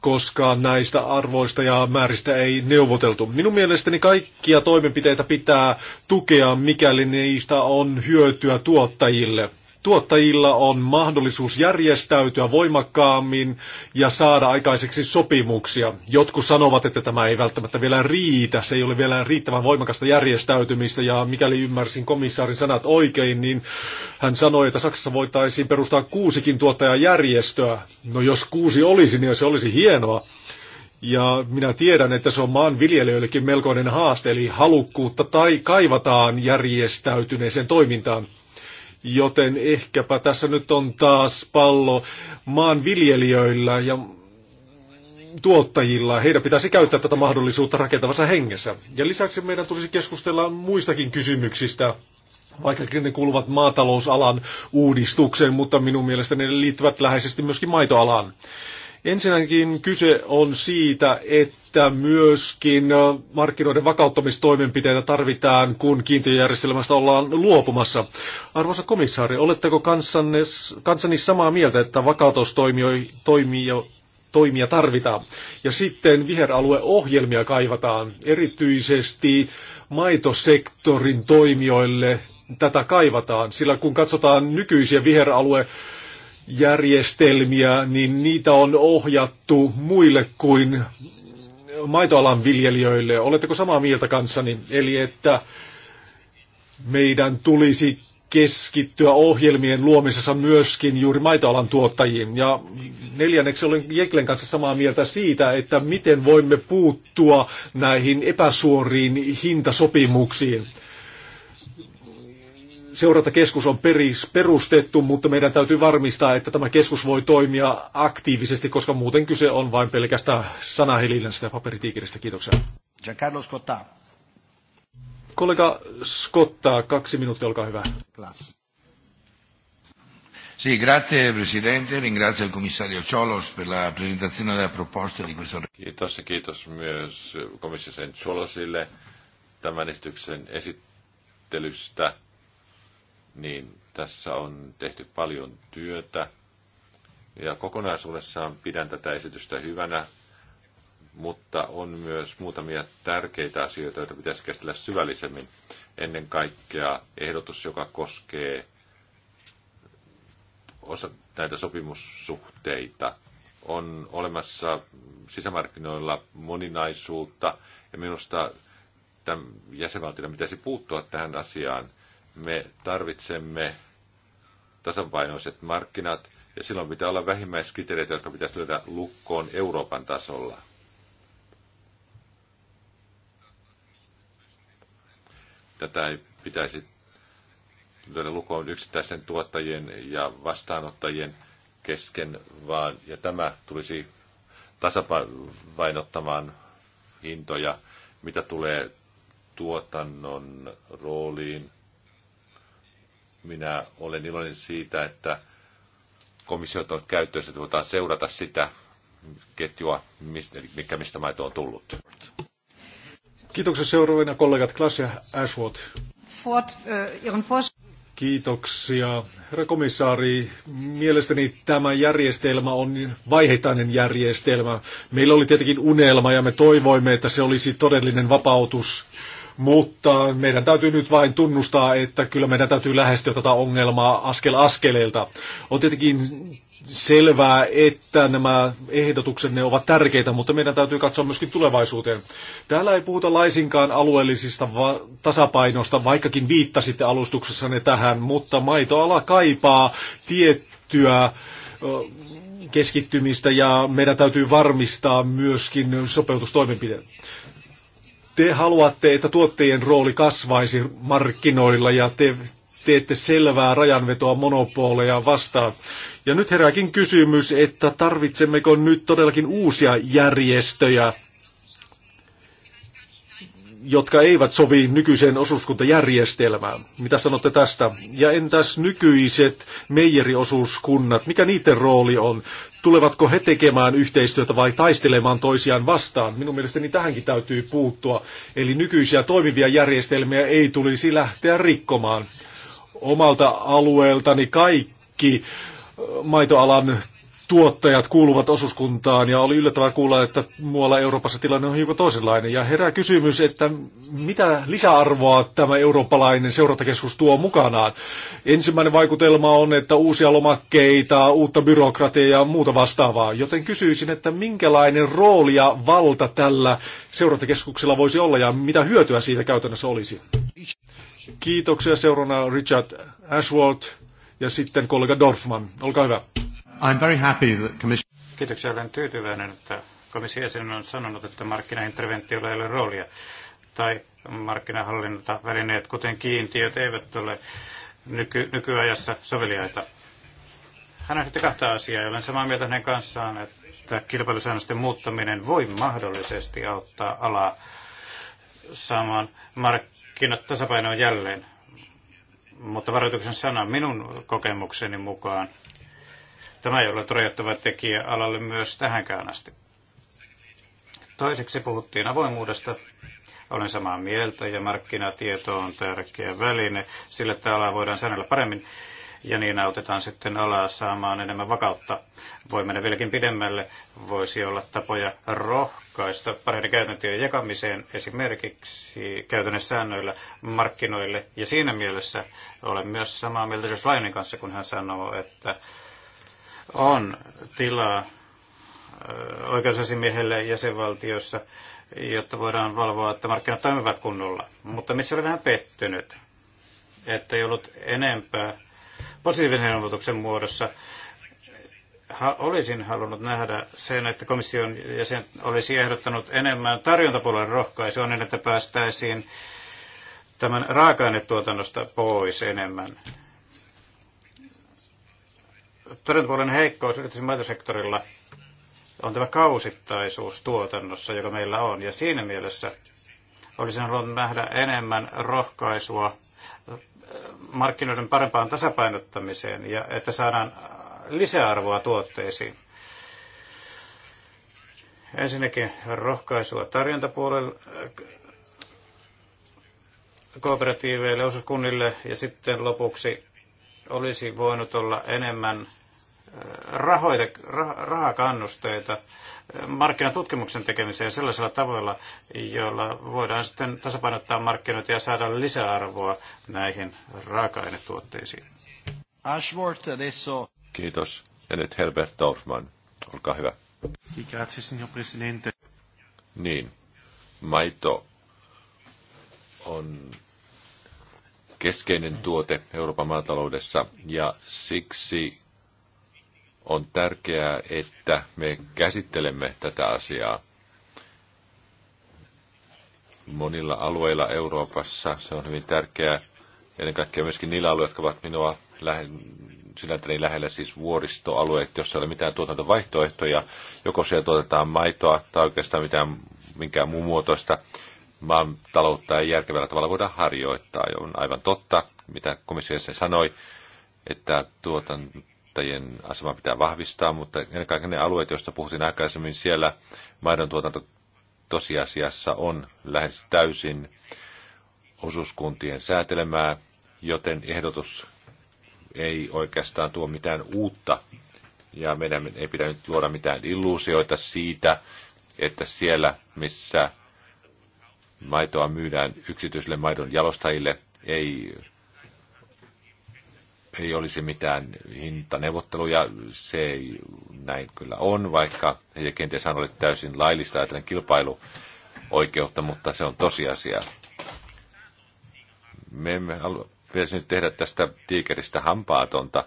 koska näistä arvoista ja määristä ei neuvoteltu. Minun mielestäni kaikkia toimenpiteitä pitää tukea, mikäli niistä on hyötyä tuottajille – tuottajilla on mahdollisuus järjestäytyä voimakkaammin ja saada aikaiseksi sopimuksia. Jotkut sanovat, että tämä ei välttämättä vielä riitä, se ei ole vielä riittävän voimakasta järjestäytymistä ja mikäli ymmärsin komissaarin sanat oikein, niin hän sanoi, että Saksassa voitaisiin perustaa kuusikin tuottajajärjestöä. No jos kuusi olisi, niin se olisi hienoa. Ja minä tiedän, että se on maan viljelijöillekin melkoinen haaste, eli halukkuutta tai kaivataan järjestäytyneeseen toimintaan joten ehkäpä tässä nyt on taas pallo maanviljelijöillä ja tuottajilla. Heidän pitäisi käyttää tätä mahdollisuutta rakentavassa hengessä. Ja lisäksi meidän tulisi keskustella muistakin kysymyksistä, vaikkakin ne kuuluvat maatalousalan uudistukseen, mutta minun mielestäni ne liittyvät läheisesti myöskin maitoalaan. Ensinnäkin kyse on siitä, että myöskin äh, markkinoiden vakauttamistoimenpiteitä tarvitaan, kun kiintiöjärjestelmästä ollaan luopumassa. Arvoisa komissaari, oletteko kanssanne, kanssani samaa mieltä, että vakautustoimia tarvitaan? Ja sitten viheralueohjelmia kaivataan, erityisesti maitosektorin toimijoille tätä kaivataan, sillä kun katsotaan nykyisiä viheralue järjestelmiä, niin niitä on ohjattu muille kuin maitoalan viljelijöille. Oletteko samaa mieltä kanssani? Eli että meidän tulisi keskittyä ohjelmien luomisessa myöskin juuri maitoalan tuottajiin. Ja neljänneksi olen Jeklen kanssa samaa mieltä siitä, että miten voimme puuttua näihin epäsuoriin hintasopimuksiin seurantakeskus on peris, perustettu, mutta meidän täytyy varmistaa, että tämä keskus voi toimia aktiivisesti, koska muuten kyse on vain pelkästään sanahelinnästä ja paperitiikeristä. Kiitoksia. Giancarlo Scotta. Kollega Scotta, kaksi minuuttia, olkaa hyvä. Klas. Sì, grazie Presidente, ringrazio il Commissario Ciolos per la presentazione della proposta di questo... Kiitos ja kiitos myös Commissario Ciolosille tämän esityksen esittelystä niin tässä on tehty paljon työtä. Ja kokonaisuudessaan pidän tätä esitystä hyvänä, mutta on myös muutamia tärkeitä asioita, joita pitäisi käsitellä syvällisemmin. Ennen kaikkea ehdotus, joka koskee osa näitä sopimussuhteita. On olemassa sisämarkkinoilla moninaisuutta, ja minusta tämän jäsenvaltioiden pitäisi puuttua tähän asiaan – me tarvitsemme tasapainoiset markkinat ja silloin pitää olla vähimmäiskriteereitä, jotka pitäisi lyödä lukkoon Euroopan tasolla. Tätä ei pitäisi lyödä lukkoon yksittäisen tuottajien ja vastaanottajien kesken, vaan ja tämä tulisi tasapainottamaan hintoja, mitä tulee tuotannon rooliin minä olen iloinen siitä, että komissiot on käyttöön, että voidaan seurata sitä ketjua, mikä mistä maito on tullut. Kiitoksia seuraavina kollegat Klaas ja Ashworth. Ford, uh, Kiitoksia. Herra komissaari, mielestäni tämä järjestelmä on niin vaiheittainen järjestelmä. Meillä oli tietenkin unelma ja me toivoimme, että se olisi todellinen vapautus mutta meidän täytyy nyt vain tunnustaa, että kyllä meidän täytyy lähestyä tätä ongelmaa askel askeleelta. On tietenkin selvää, että nämä ehdotukset ne ovat tärkeitä, mutta meidän täytyy katsoa myöskin tulevaisuuteen. Täällä ei puhuta laisinkaan alueellisista va- tasapainosta, vaikkakin viittasitte alustuksessanne tähän, mutta maitoala kaipaa tiettyä keskittymistä ja meidän täytyy varmistaa myöskin sopeutustoimenpiteet te haluatte, että tuottajien rooli kasvaisi markkinoilla ja te teette selvää rajanvetoa monopoleja vastaan. Ja nyt herääkin kysymys, että tarvitsemmeko nyt todellakin uusia järjestöjä, jotka eivät sovi nykyiseen osuuskuntajärjestelmään. Mitä sanotte tästä? Ja entäs nykyiset meijeriosuuskunnat, mikä niiden rooli on? Tulevatko he tekemään yhteistyötä vai taistelemaan toisiaan vastaan? Minun mielestäni tähänkin täytyy puuttua. Eli nykyisiä toimivia järjestelmiä ei tulisi lähteä rikkomaan. Omalta alueeltani kaikki maitoalan tuottajat kuuluvat osuuskuntaan ja oli yllättävää kuulla, että muualla Euroopassa tilanne on hiukan toisenlainen. Ja herää kysymys, että mitä lisäarvoa tämä eurooppalainen seurantakeskus tuo mukanaan? Ensimmäinen vaikutelma on, että uusia lomakkeita, uutta byrokratiaa ja muuta vastaavaa. Joten kysyisin, että minkälainen rooli ja valta tällä seurantakeskuksella voisi olla ja mitä hyötyä siitä käytännössä olisi? Kiitoksia seurana Richard Ashworth ja sitten kollega Dorfman. Olkaa hyvä. I'm very happy that commission... Kiitoksia, olen tyytyväinen, että komission jäsen on sanonut, että markkinainterventiolla ei ole roolia tai markkinahallintavälineet, kuten kiintiöt, eivät ole nyky- nykyajassa soveliaita. Hän on kahta asiaa ja olen samaa mieltä hänen kanssaan, että kilpailusäännösten muuttaminen voi mahdollisesti auttaa alaa saamaan markkinat tasapainoon jälleen. Mutta varoituksen sana minun kokemukseni mukaan – Tämä ei ole rajoittava tekijä alalle myös tähänkään asti. Toiseksi puhuttiin avoimuudesta. Olen samaa mieltä ja markkinatieto on tärkeä väline. Sillä ala voidaan säännellä paremmin ja niin autetaan sitten alaa saamaan enemmän vakautta. Voi mennä vieläkin pidemmälle. Voisi olla tapoja rohkaista parhaiden käytäntöjen jakamiseen esimerkiksi säännöillä markkinoille. Ja siinä mielessä olen myös samaa mieltä Joslainin kanssa, kun hän sanoo, että on tilaa oikeusasimiehelle jäsenvaltiossa, jotta voidaan valvoa, että markkinat toimivat kunnolla. Mutta missä oli vähän pettynyt, että ei ollut enempää positiivisen ilmoituksen muodossa. Ha, olisin halunnut nähdä sen, että komission jäsen olisi ehdottanut enemmän tarjontapuolen rohkaisua niin, että päästäisiin tämän raaka-ainetuotannosta pois enemmän todenpuolen heikkous yritys- maitosektorilla on tämä kausittaisuus tuotannossa, joka meillä on. Ja siinä mielessä olisin halunnut nähdä enemmän rohkaisua markkinoiden parempaan tasapainottamiseen ja että saadaan lisäarvoa tuotteisiin. Ensinnäkin rohkaisua tarjontapuolelle, kooperatiiveille, osuuskunnille ja sitten lopuksi olisi voinut olla enemmän rahoita, rah, rahakannusteita markkinatutkimuksen tekemiseen sellaisilla tavoilla, joilla voidaan sitten tasapainottaa markkinoita ja saada lisäarvoa näihin raaka-ainetuotteisiin. Ashworth, adesso. Kiitos. Ja nyt Herbert Dorfman, olkaa hyvä. Si, grazie, signor Presidente. Niin, maito on keskeinen tuote Euroopan maataloudessa ja siksi on tärkeää, että me käsittelemme tätä asiaa. Monilla alueilla Euroopassa se on hyvin tärkeää, ennen kaikkea myöskin niillä alueilla, jotka ovat minua lähe, sydäntäni niin lähellä, siis vuoristoalueet, jossa ei ole mitään tuotantovaihtoehtoja. Joko siellä tuotetaan maitoa tai oikeastaan mitään, minkään muun muotoista maan taloutta ei järkevällä tavalla voida harjoittaa. On aivan totta, mitä komissio sanoi, että tuotan maidontuottajien asema pitää vahvistaa, mutta ennen kaikkea ne alueet, joista puhuttiin aikaisemmin, siellä tuotanto tosiasiassa on lähes täysin osuuskuntien säätelemää, joten ehdotus ei oikeastaan tuo mitään uutta. Ja meidän ei pidä nyt luoda mitään illuusioita siitä, että siellä, missä maitoa myydään yksityisille maidon jalostajille, ei ei olisi mitään hintaneuvotteluja. Se ei näin kyllä on, vaikka ei kenties ole täysin laillista ajatellen kilpailuoikeutta, mutta se on tosiasia. Me emme halua nyt tehdä tästä tiikeristä hampaatonta.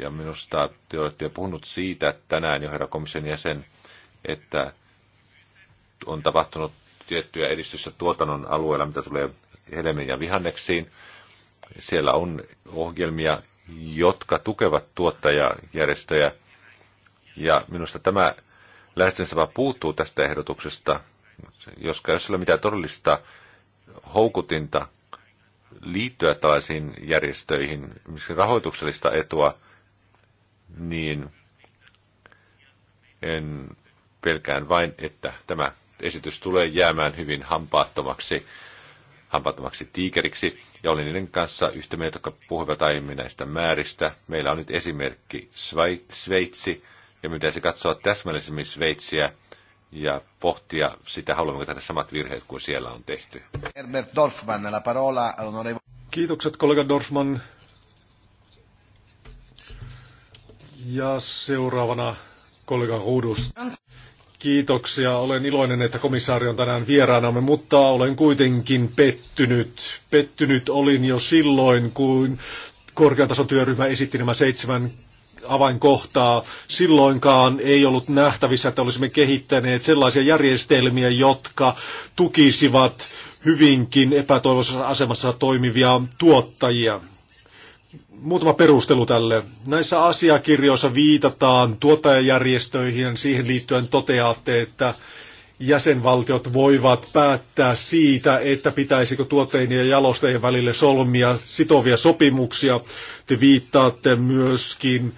Ja minusta te olette jo puhunut siitä tänään jo herra komission jäsen, että on tapahtunut tiettyjä edistystä tuotannon alueella, mitä tulee hedelmiin ja vihanneksiin. Siellä on ohjelmia, jotka tukevat tuottajajärjestöjä. Ja minusta tämä lähestymistapa puuttuu tästä ehdotuksesta, koska jos ei ole mitään todellista houkutinta liittyä tällaisiin järjestöihin, missä rahoituksellista etua, niin en pelkään vain, että tämä esitys tulee jäämään hyvin hampaattomaksi hampaattomaksi tiikeriksi, ja olin niiden kanssa yhtä mieltä, jotka puhuivat aiemmin näistä määristä. Meillä on nyt esimerkki Sveitsi, ja me pitäisi katsoa täsmällisemmin Sveitsiä ja pohtia sitä, haluammeko tehdä samat virheet kuin siellä on tehty. Herbert Dorfman, la parola, Kiitokset kollega Dorfman. Ja seuraavana kollega Rudus. Kiitoksia. Olen iloinen, että komissaari on tänään vieraanamme, mutta olen kuitenkin pettynyt. Pettynyt olin jo silloin, kun korkeatasotyöryhmä esitti nämä seitsemän avainkohtaa. Silloinkaan ei ollut nähtävissä, että olisimme kehittäneet sellaisia järjestelmiä, jotka tukisivat hyvinkin epätoivoisessa asemassa toimivia tuottajia. Muutama perustelu tälle. Näissä asiakirjoissa viitataan tuottajajärjestöihin ja siihen liittyen toteatte, että jäsenvaltiot voivat päättää siitä, että pitäisikö tuottajien ja jalostajien välille solmia sitovia sopimuksia. Te viittaatte myöskin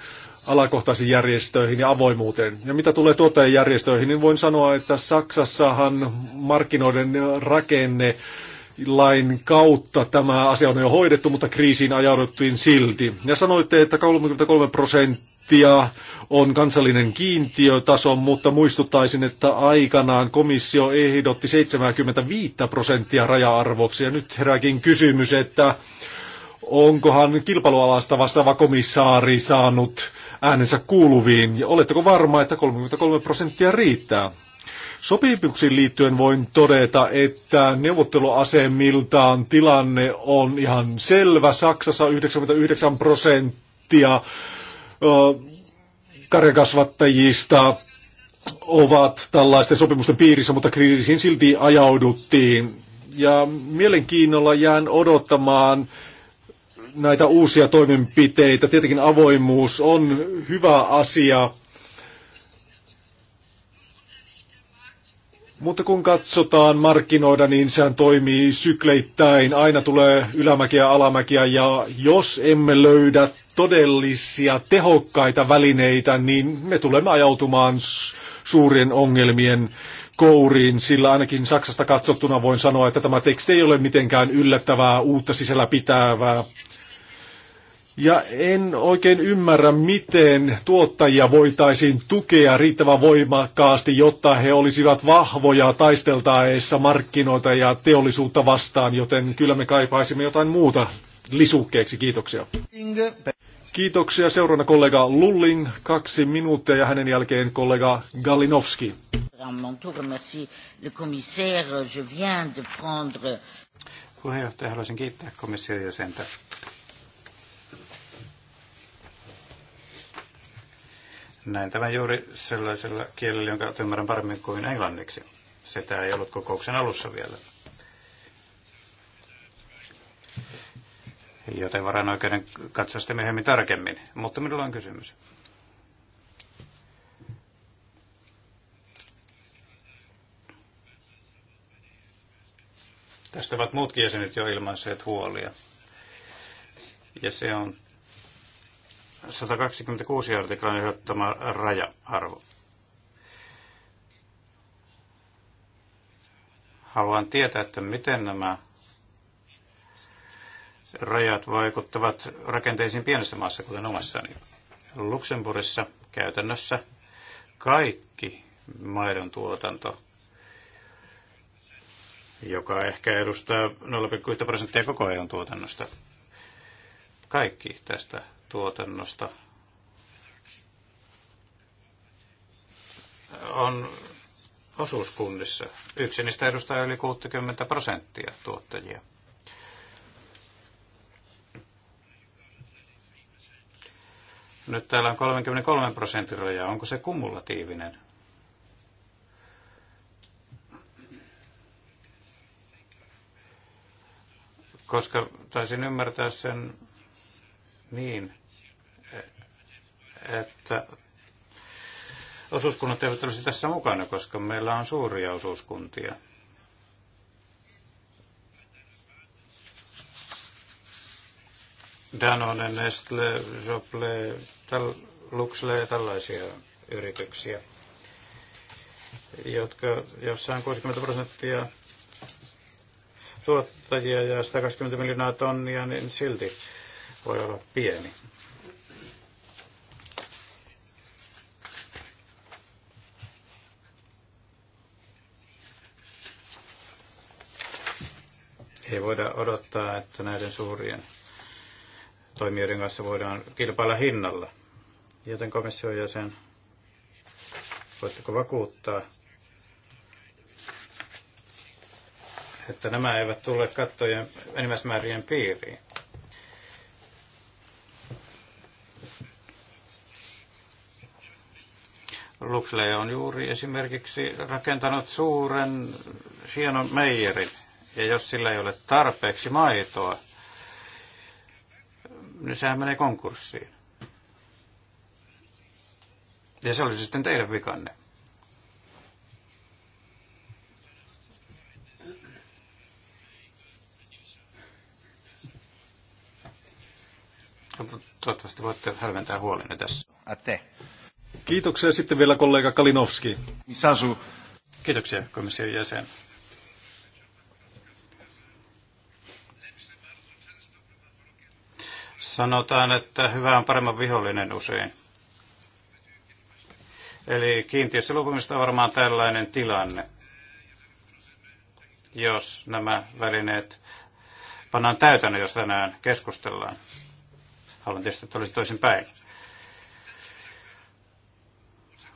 alakohtaisiin järjestöihin ja avoimuuteen. Ja mitä tulee tuottajajärjestöihin, niin voin sanoa, että Saksassahan markkinoiden rakenne lain kautta tämä asia on jo hoidettu, mutta kriisiin ajauduttiin silti. Ja sanoitte, että 33 prosenttia on kansallinen kiintiötaso, mutta muistuttaisin, että aikanaan komissio ehdotti 75 prosenttia raja-arvoksi. Ja nyt herääkin kysymys, että onkohan kilpailualasta vastaava komissaari saanut äänensä kuuluviin, ja oletteko varma, että 33 prosenttia riittää? Sopimuksiin liittyen voin todeta, että neuvotteluasemiltaan tilanne on ihan selvä. Saksassa 99 prosenttia karjakasvattajista ovat tällaisten sopimusten piirissä, mutta kriisiin silti ajauduttiin. Ja mielenkiinnolla jään odottamaan näitä uusia toimenpiteitä. Tietenkin avoimuus on hyvä asia Mutta kun katsotaan markkinoida, niin sehän toimii sykleittäin. Aina tulee ylämäkiä, alamäkiä ja jos emme löydä todellisia tehokkaita välineitä, niin me tulemme ajautumaan suurien ongelmien kouriin, sillä ainakin Saksasta katsottuna voin sanoa, että tämä teksti ei ole mitenkään yllättävää, uutta sisällä pitävää. Ja en oikein ymmärrä, miten tuottajia voitaisiin tukea riittävän voimakkaasti, jotta he olisivat vahvoja taisteltaessa markkinoita ja teollisuutta vastaan, joten kyllä me kaipaisimme jotain muuta lisukkeeksi. Kiitoksia. Kiitoksia. Seuraavana kollega Lulling, kaksi minuuttia ja hänen jälkeen kollega Galinowski. Puheenjohtaja, haluaisin kiittää komission jäsentä Näin tämän juuri sellaisella kielellä, jonka ymmärrän paremmin kuin englanniksi. Sitä ei ollut kokouksen alussa vielä. Joten oikeuden katsoa sitä myöhemmin tarkemmin. Mutta minulla on kysymys. Tästä ovat muutkin jäsenet jo ilmaisseet huolia. Ja se on 126 artiklan ehdottama raja-arvo. Haluan tietää, että miten nämä rajat vaikuttavat rakenteisiin pienessä maassa, kuten omassani. Luxemburgissa käytännössä kaikki maidon tuotanto, joka ehkä edustaa 0,1 prosenttia koko ajan e tuotannosta, kaikki tästä tuotannosta on osuuskunnissa. Yksi niistä edustaa yli 60 prosenttia tuottajia. Nyt täällä on 33 prosentin raja. Onko se kumulatiivinen? Koska taisin ymmärtää sen niin, että osuuskunnat eivät olisi tässä mukana, koska meillä on suuria osuuskuntia. Danone, Nestle, Jople, tal, Luxle ja tällaisia yrityksiä, jotka jossain 60 prosenttia tuottajia ja 120 miljoonaa tonnia, niin silti voi olla pieni Ei voida odottaa, että näiden suurien toimijoiden kanssa voidaan kilpailla hinnalla. Joten komission jäsen, voitteko vakuuttaa, että nämä eivät tule kattojen enimmäismäärien piiriin? Luxley on juuri esimerkiksi rakentanut suuren, hienon meijerin ja jos sillä ei ole tarpeeksi maitoa, niin sehän menee konkurssiin. Ja se olisi sitten teidän vikanne. Toivottavasti voitte hälventää huolenne tässä. Ate. Kiitoksia sitten vielä kollega Kalinowski. Sasu. Kiitoksia komission jäsen. Sanotaan, että hyvä on paremman vihollinen usein. Eli kiintiössä luopumista on varmaan tällainen tilanne, jos nämä välineet pannaan täytänä, jos tänään keskustellaan. Haluan tietysti, että olisi toisin päin.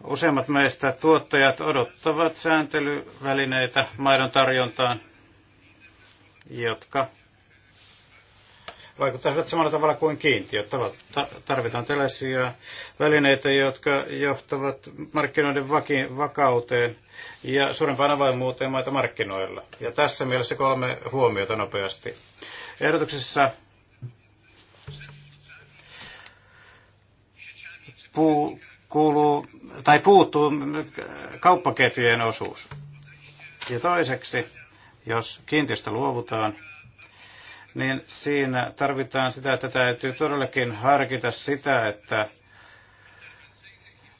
Useimmat meistä tuottajat odottavat sääntelyvälineitä maidon tarjontaan, jotka vaikuttaisivat samalla tavalla kuin kiintiöt. Tarvitaan tällaisia välineitä, jotka johtavat markkinoiden vaki- vakauteen ja suurempaan avaimuuteen maita markkinoilla. Ja tässä mielessä kolme huomiota nopeasti. Ehdotuksessa puu, kuuluu, tai puuttuu kauppaketjujen osuus. Ja toiseksi, jos kiintiöstä luovutaan, niin siinä tarvitaan sitä, että täytyy todellakin harkita sitä, että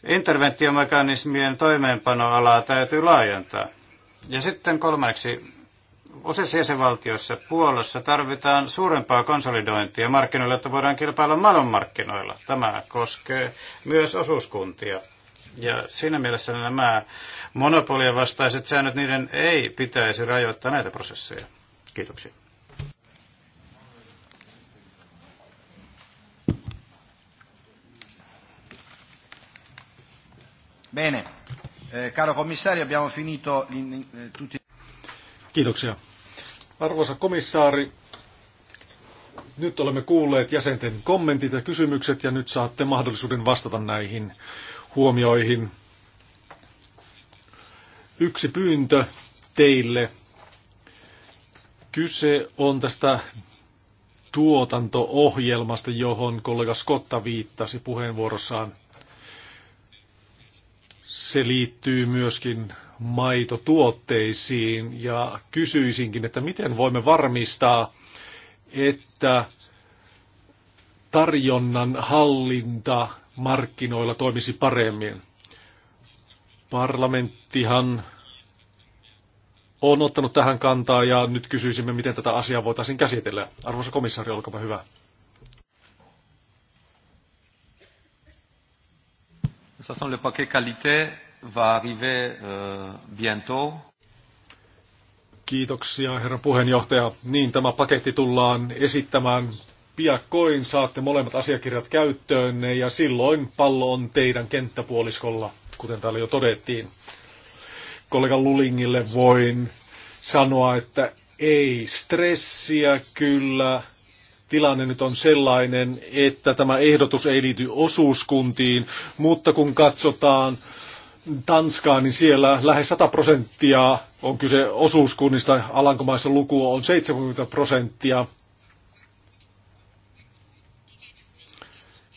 interventiomekanismien toimeenpanoalaa täytyy laajentaa. Ja sitten kolmanneksi, useissa jäsenvaltioissa puolossa tarvitaan suurempaa konsolidointia markkinoilla, että voidaan kilpailla maailmanmarkkinoilla. Tämä koskee myös osuuskuntia. Ja siinä mielessä nämä monopolien vastaiset säännöt, niiden ei pitäisi rajoittaa näitä prosesseja. Kiitoksia. Bene. Eh, caro commissario, abbiamo finito eh, tutti... Kiitoksia. Arvoisa komissaari, nyt olemme kuulleet jäsenten kommentit ja kysymykset ja nyt saatte mahdollisuuden vastata näihin huomioihin. Yksi pyyntö teille. Kyse on tästä tuotanto-ohjelmasta, johon kollega Skotta viittasi puheenvuorossaan se liittyy myöskin maitotuotteisiin ja kysyisinkin, että miten voimme varmistaa, että tarjonnan hallinta markkinoilla toimisi paremmin. Parlamenttihan on ottanut tähän kantaa ja nyt kysyisimme, miten tätä asiaa voitaisiin käsitellä. Arvoisa komissaari, olkaa hyvä. toute façon, le paquet qualité va arriver euh, bientôt. Kiitoksia, herra puheenjohtaja. Niin, tämä paketti tullaan esittämään piakkoin. Saatte molemmat asiakirjat käyttöön ja silloin pallo on teidän kenttäpuoliskolla, kuten täällä jo todettiin. Kollega Lulingille voin sanoa, että ei stressiä kyllä tilanne nyt on sellainen, että tämä ehdotus ei liity osuuskuntiin, mutta kun katsotaan Tanskaa, niin siellä lähes 100 prosenttia on kyse osuuskunnista, Alankomaissa luku on 70 prosenttia,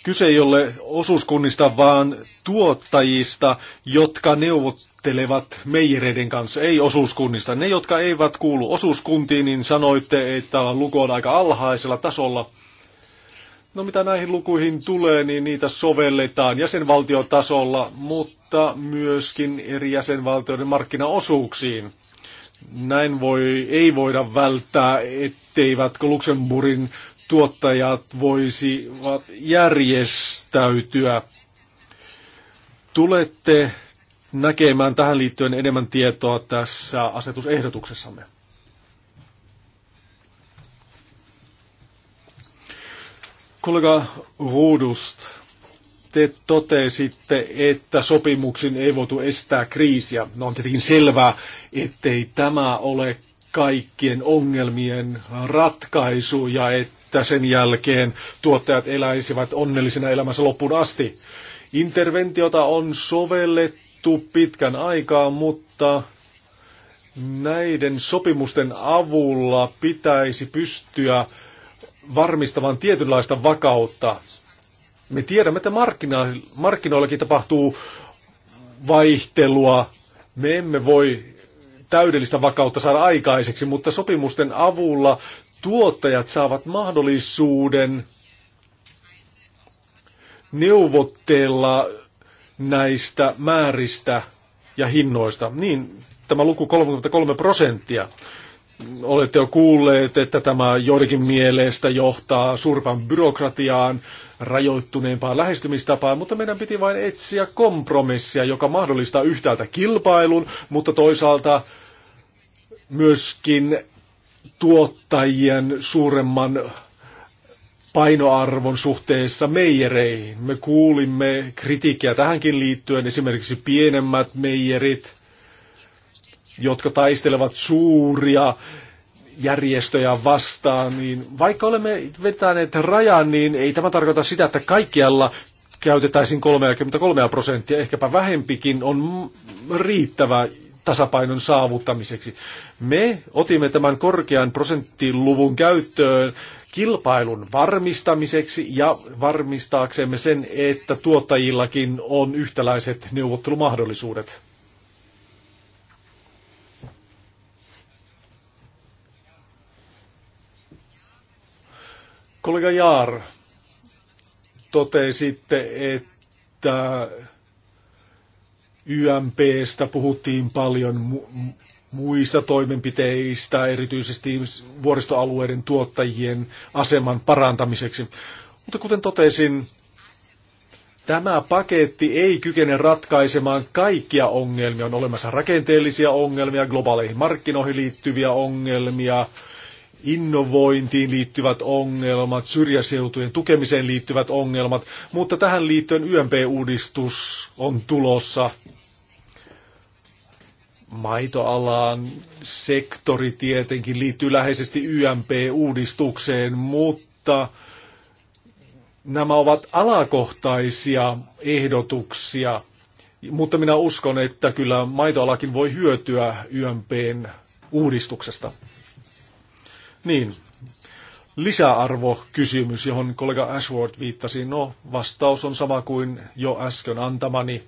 Kyse ei ole osuuskunnista, vaan tuottajista, jotka neuvottelevat meijereiden kanssa, ei osuuskunnista. Ne, jotka eivät kuulu osuuskuntiin, niin sanoitte, että luku on aika alhaisella tasolla. No mitä näihin lukuihin tulee, niin niitä sovelletaan jäsenvaltiotasolla, mutta myöskin eri jäsenvaltioiden markkinaosuuksiin. Näin voi, ei voida välttää, etteivätkö Luxemburgin tuottajat voisivat järjestäytyä. Tulette näkemään tähän liittyen enemmän tietoa tässä asetusehdotuksessamme. Kollega Ruudust, te totesitte, että sopimuksin ei voitu estää kriisiä. No on tietenkin selvää, ettei tämä ole kaikkien ongelmien ratkaisu ja että että sen jälkeen tuottajat eläisivät onnellisena elämänsä loppuun asti. Interventiota on sovellettu pitkän aikaa, mutta näiden sopimusten avulla pitäisi pystyä varmistamaan tietynlaista vakautta. Me tiedämme, että markkinoillakin tapahtuu vaihtelua. Me emme voi täydellistä vakautta saada aikaiseksi, mutta sopimusten avulla tuottajat saavat mahdollisuuden neuvotteella näistä määristä ja hinnoista. Niin, tämä luku 33 prosenttia. Olette jo kuulleet, että tämä joidenkin mielestä johtaa surpan byrokratiaan, rajoittuneempaan lähestymistapaan, mutta meidän piti vain etsiä kompromissia, joka mahdollistaa yhtäältä kilpailun, mutta toisaalta myöskin tuottajien suuremman painoarvon suhteessa meijereihin. Me kuulimme kritiikkiä tähänkin liittyen, esimerkiksi pienemmät meijerit, jotka taistelevat suuria järjestöjä vastaan, niin vaikka olemme vetäneet rajan, niin ei tämä tarkoita sitä, että kaikkialla käytettäisiin 33 prosenttia, ehkäpä vähempikin on riittävä, tasapainon saavuttamiseksi. Me otimme tämän korkean prosenttiluvun käyttöön kilpailun varmistamiseksi ja varmistaaksemme sen, että tuottajillakin on yhtäläiset neuvottelumahdollisuudet. Kollega Jaar, totesitte, että YMPstä puhuttiin paljon muista toimenpiteistä, erityisesti vuoristoalueiden tuottajien aseman parantamiseksi. Mutta kuten totesin, tämä paketti ei kykene ratkaisemaan kaikkia ongelmia. On olemassa rakenteellisia ongelmia, globaaleihin markkinoihin liittyviä ongelmia, innovointiin liittyvät ongelmat, syrjäseutujen tukemiseen liittyvät ongelmat, mutta tähän liittyen YMP-uudistus on tulossa maitoalan sektori tietenkin liittyy läheisesti YMP-uudistukseen, mutta nämä ovat alakohtaisia ehdotuksia, mutta minä uskon, että kyllä maitoalakin voi hyötyä YMPn uudistuksesta. Niin, lisäarvokysymys, johon kollega Ashworth viittasi. No, vastaus on sama kuin jo äsken antamani.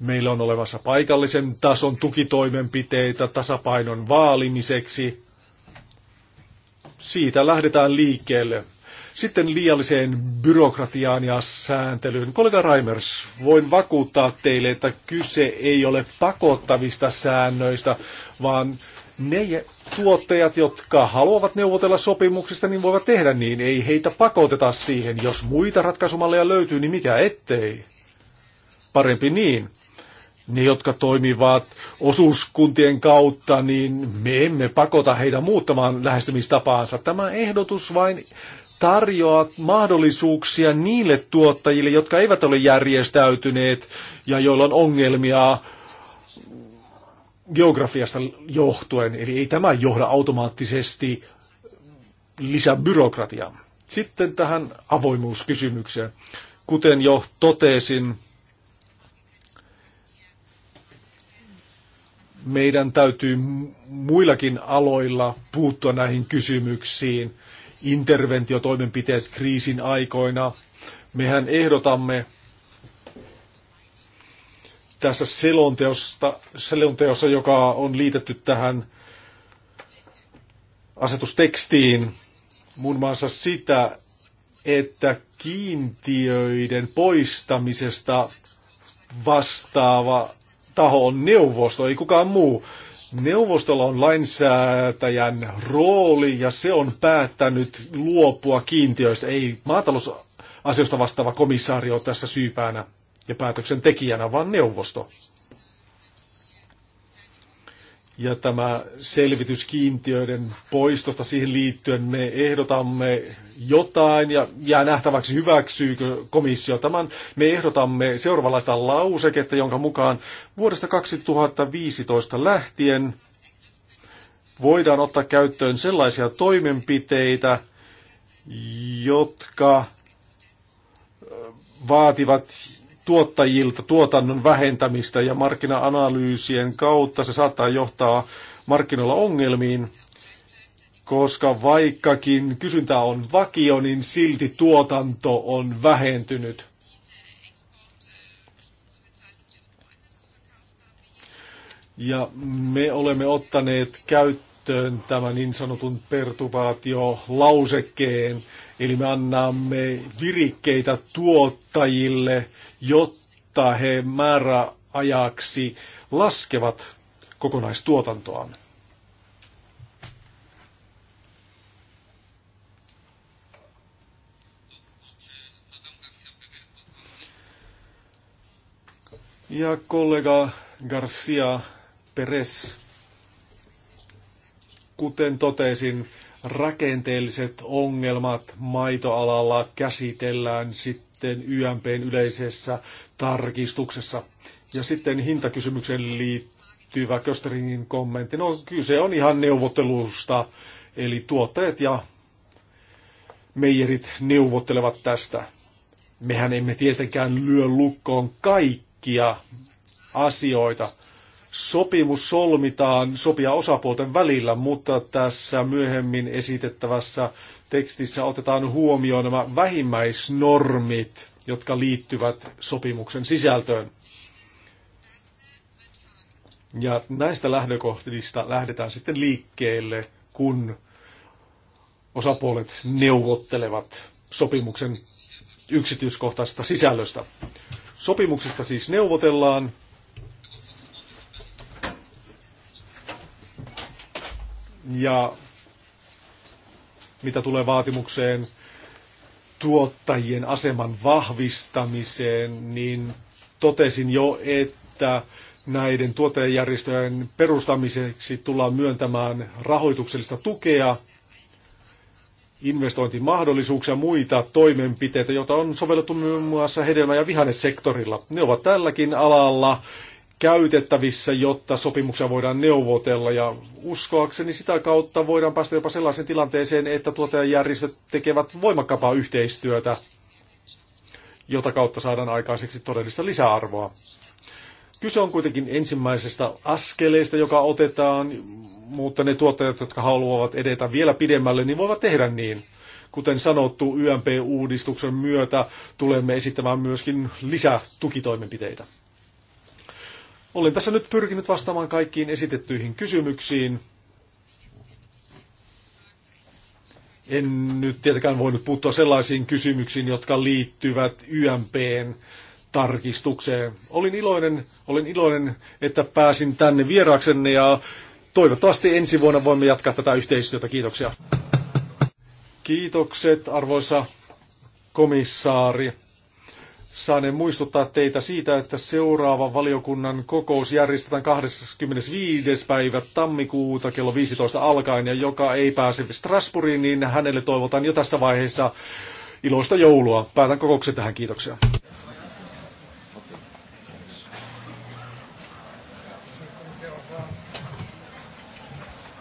Meillä on olemassa paikallisen tason tukitoimenpiteitä tasapainon vaalimiseksi. Siitä lähdetään liikkeelle. Sitten liialliseen byrokratiaan ja sääntelyyn. Kollega Raimers, voin vakuuttaa teille, että kyse ei ole pakottavista säännöistä, vaan ne tuottajat, jotka haluavat neuvotella sopimuksista, niin voivat tehdä niin. Ei heitä pakoteta siihen. Jos muita ratkaisumalleja löytyy, niin mikä ettei. Parempi niin ne, jotka toimivat osuuskuntien kautta, niin me emme pakota heitä muuttamaan lähestymistapaansa. Tämä ehdotus vain tarjoaa mahdollisuuksia niille tuottajille, jotka eivät ole järjestäytyneet ja joilla on ongelmia geografiasta johtuen. Eli ei tämä johda automaattisesti lisäbyrokratiaan. Sitten tähän avoimuuskysymykseen. Kuten jo totesin, meidän täytyy muillakin aloilla puuttua näihin kysymyksiin, interventiotoimenpiteet kriisin aikoina. Mehän ehdotamme tässä selonteosta, selonteossa, joka on liitetty tähän asetustekstiin, muun muassa sitä, että kiintiöiden poistamisesta vastaava taho on neuvosto, ei kukaan muu. Neuvostolla on lainsäätäjän rooli ja se on päättänyt luopua kiintiöistä. Ei maatalousasioista vastaava komissaari ole tässä syypäänä ja tekijänä, vaan neuvosto. Ja tämä selvitys kiintiöiden poistosta siihen liittyen me ehdotamme jotain ja jää nähtäväksi hyväksyykö komissio tämän. Me ehdotamme seuraavanlaista lauseketta, jonka mukaan vuodesta 2015 lähtien voidaan ottaa käyttöön sellaisia toimenpiteitä, jotka vaativat tuottajilta tuotannon vähentämistä ja markkina-analyysien kautta se saattaa johtaa markkinoilla ongelmiin, koska vaikkakin kysyntä on vakio, niin silti tuotanto on vähentynyt. Ja me olemme ottaneet käyttöön tämän niin sanotun perturbaatio lausekkeen Eli me annamme virikkeitä tuottajille, jotta he määräajaksi laskevat kokonaistuotantoaan. Ja kollega Garcia Perez, kuten totesin, rakenteelliset ongelmat maitoalalla käsitellään sitten YMPn yleisessä tarkistuksessa. Ja sitten hintakysymyksen liittyvä Kösteringin kommentti. No kyse on ihan neuvottelusta, eli tuottajat ja meijerit neuvottelevat tästä. Mehän emme tietenkään lyö lukkoon kaikkia asioita, sopimus solmitaan sopia osapuolten välillä, mutta tässä myöhemmin esitettävässä tekstissä otetaan huomioon nämä vähimmäisnormit, jotka liittyvät sopimuksen sisältöön. Ja näistä lähdökohdista lähdetään sitten liikkeelle, kun osapuolet neuvottelevat sopimuksen yksityiskohtaisesta sisällöstä. Sopimuksesta siis neuvotellaan Ja mitä tulee vaatimukseen tuottajien aseman vahvistamiseen, niin totesin jo, että näiden tuottajajärjestöjen perustamiseksi tullaan myöntämään rahoituksellista tukea, investointimahdollisuuksia ja muita toimenpiteitä, joita on sovellettu muun muassa hedelmä- ja vihannesektorilla. Ne ovat tälläkin alalla käytettävissä, jotta sopimuksia voidaan neuvotella. Ja uskoakseni sitä kautta voidaan päästä jopa sellaiseen tilanteeseen, että tuottajajärjestöt tekevät voimakkaampaa yhteistyötä, jota kautta saadaan aikaiseksi todellista lisäarvoa. Kyse on kuitenkin ensimmäisestä askeleesta, joka otetaan, mutta ne tuottajat, jotka haluavat edetä vielä pidemmälle, niin voivat tehdä niin. Kuten sanottu, YMP-uudistuksen myötä tulemme esittämään myöskin lisätukitoimenpiteitä. Olin tässä nyt pyrkinyt vastaamaan kaikkiin esitettyihin kysymyksiin. En nyt tietenkään voinut puuttua sellaisiin kysymyksiin, jotka liittyvät YMPn tarkistukseen. Olin iloinen, olin iloinen, että pääsin tänne vieraaksenne ja toivottavasti ensi vuonna voimme jatkaa tätä yhteistyötä. Kiitoksia. Kiitokset, arvoisa komissaari saaneen muistuttaa teitä siitä, että seuraava valiokunnan kokous järjestetään 25. päivä tammikuuta kello 15 alkaen, ja joka ei pääse Strasbourgiin, niin hänelle toivotan jo tässä vaiheessa iloista joulua. Päätän kokouksen tähän, kiitoksia.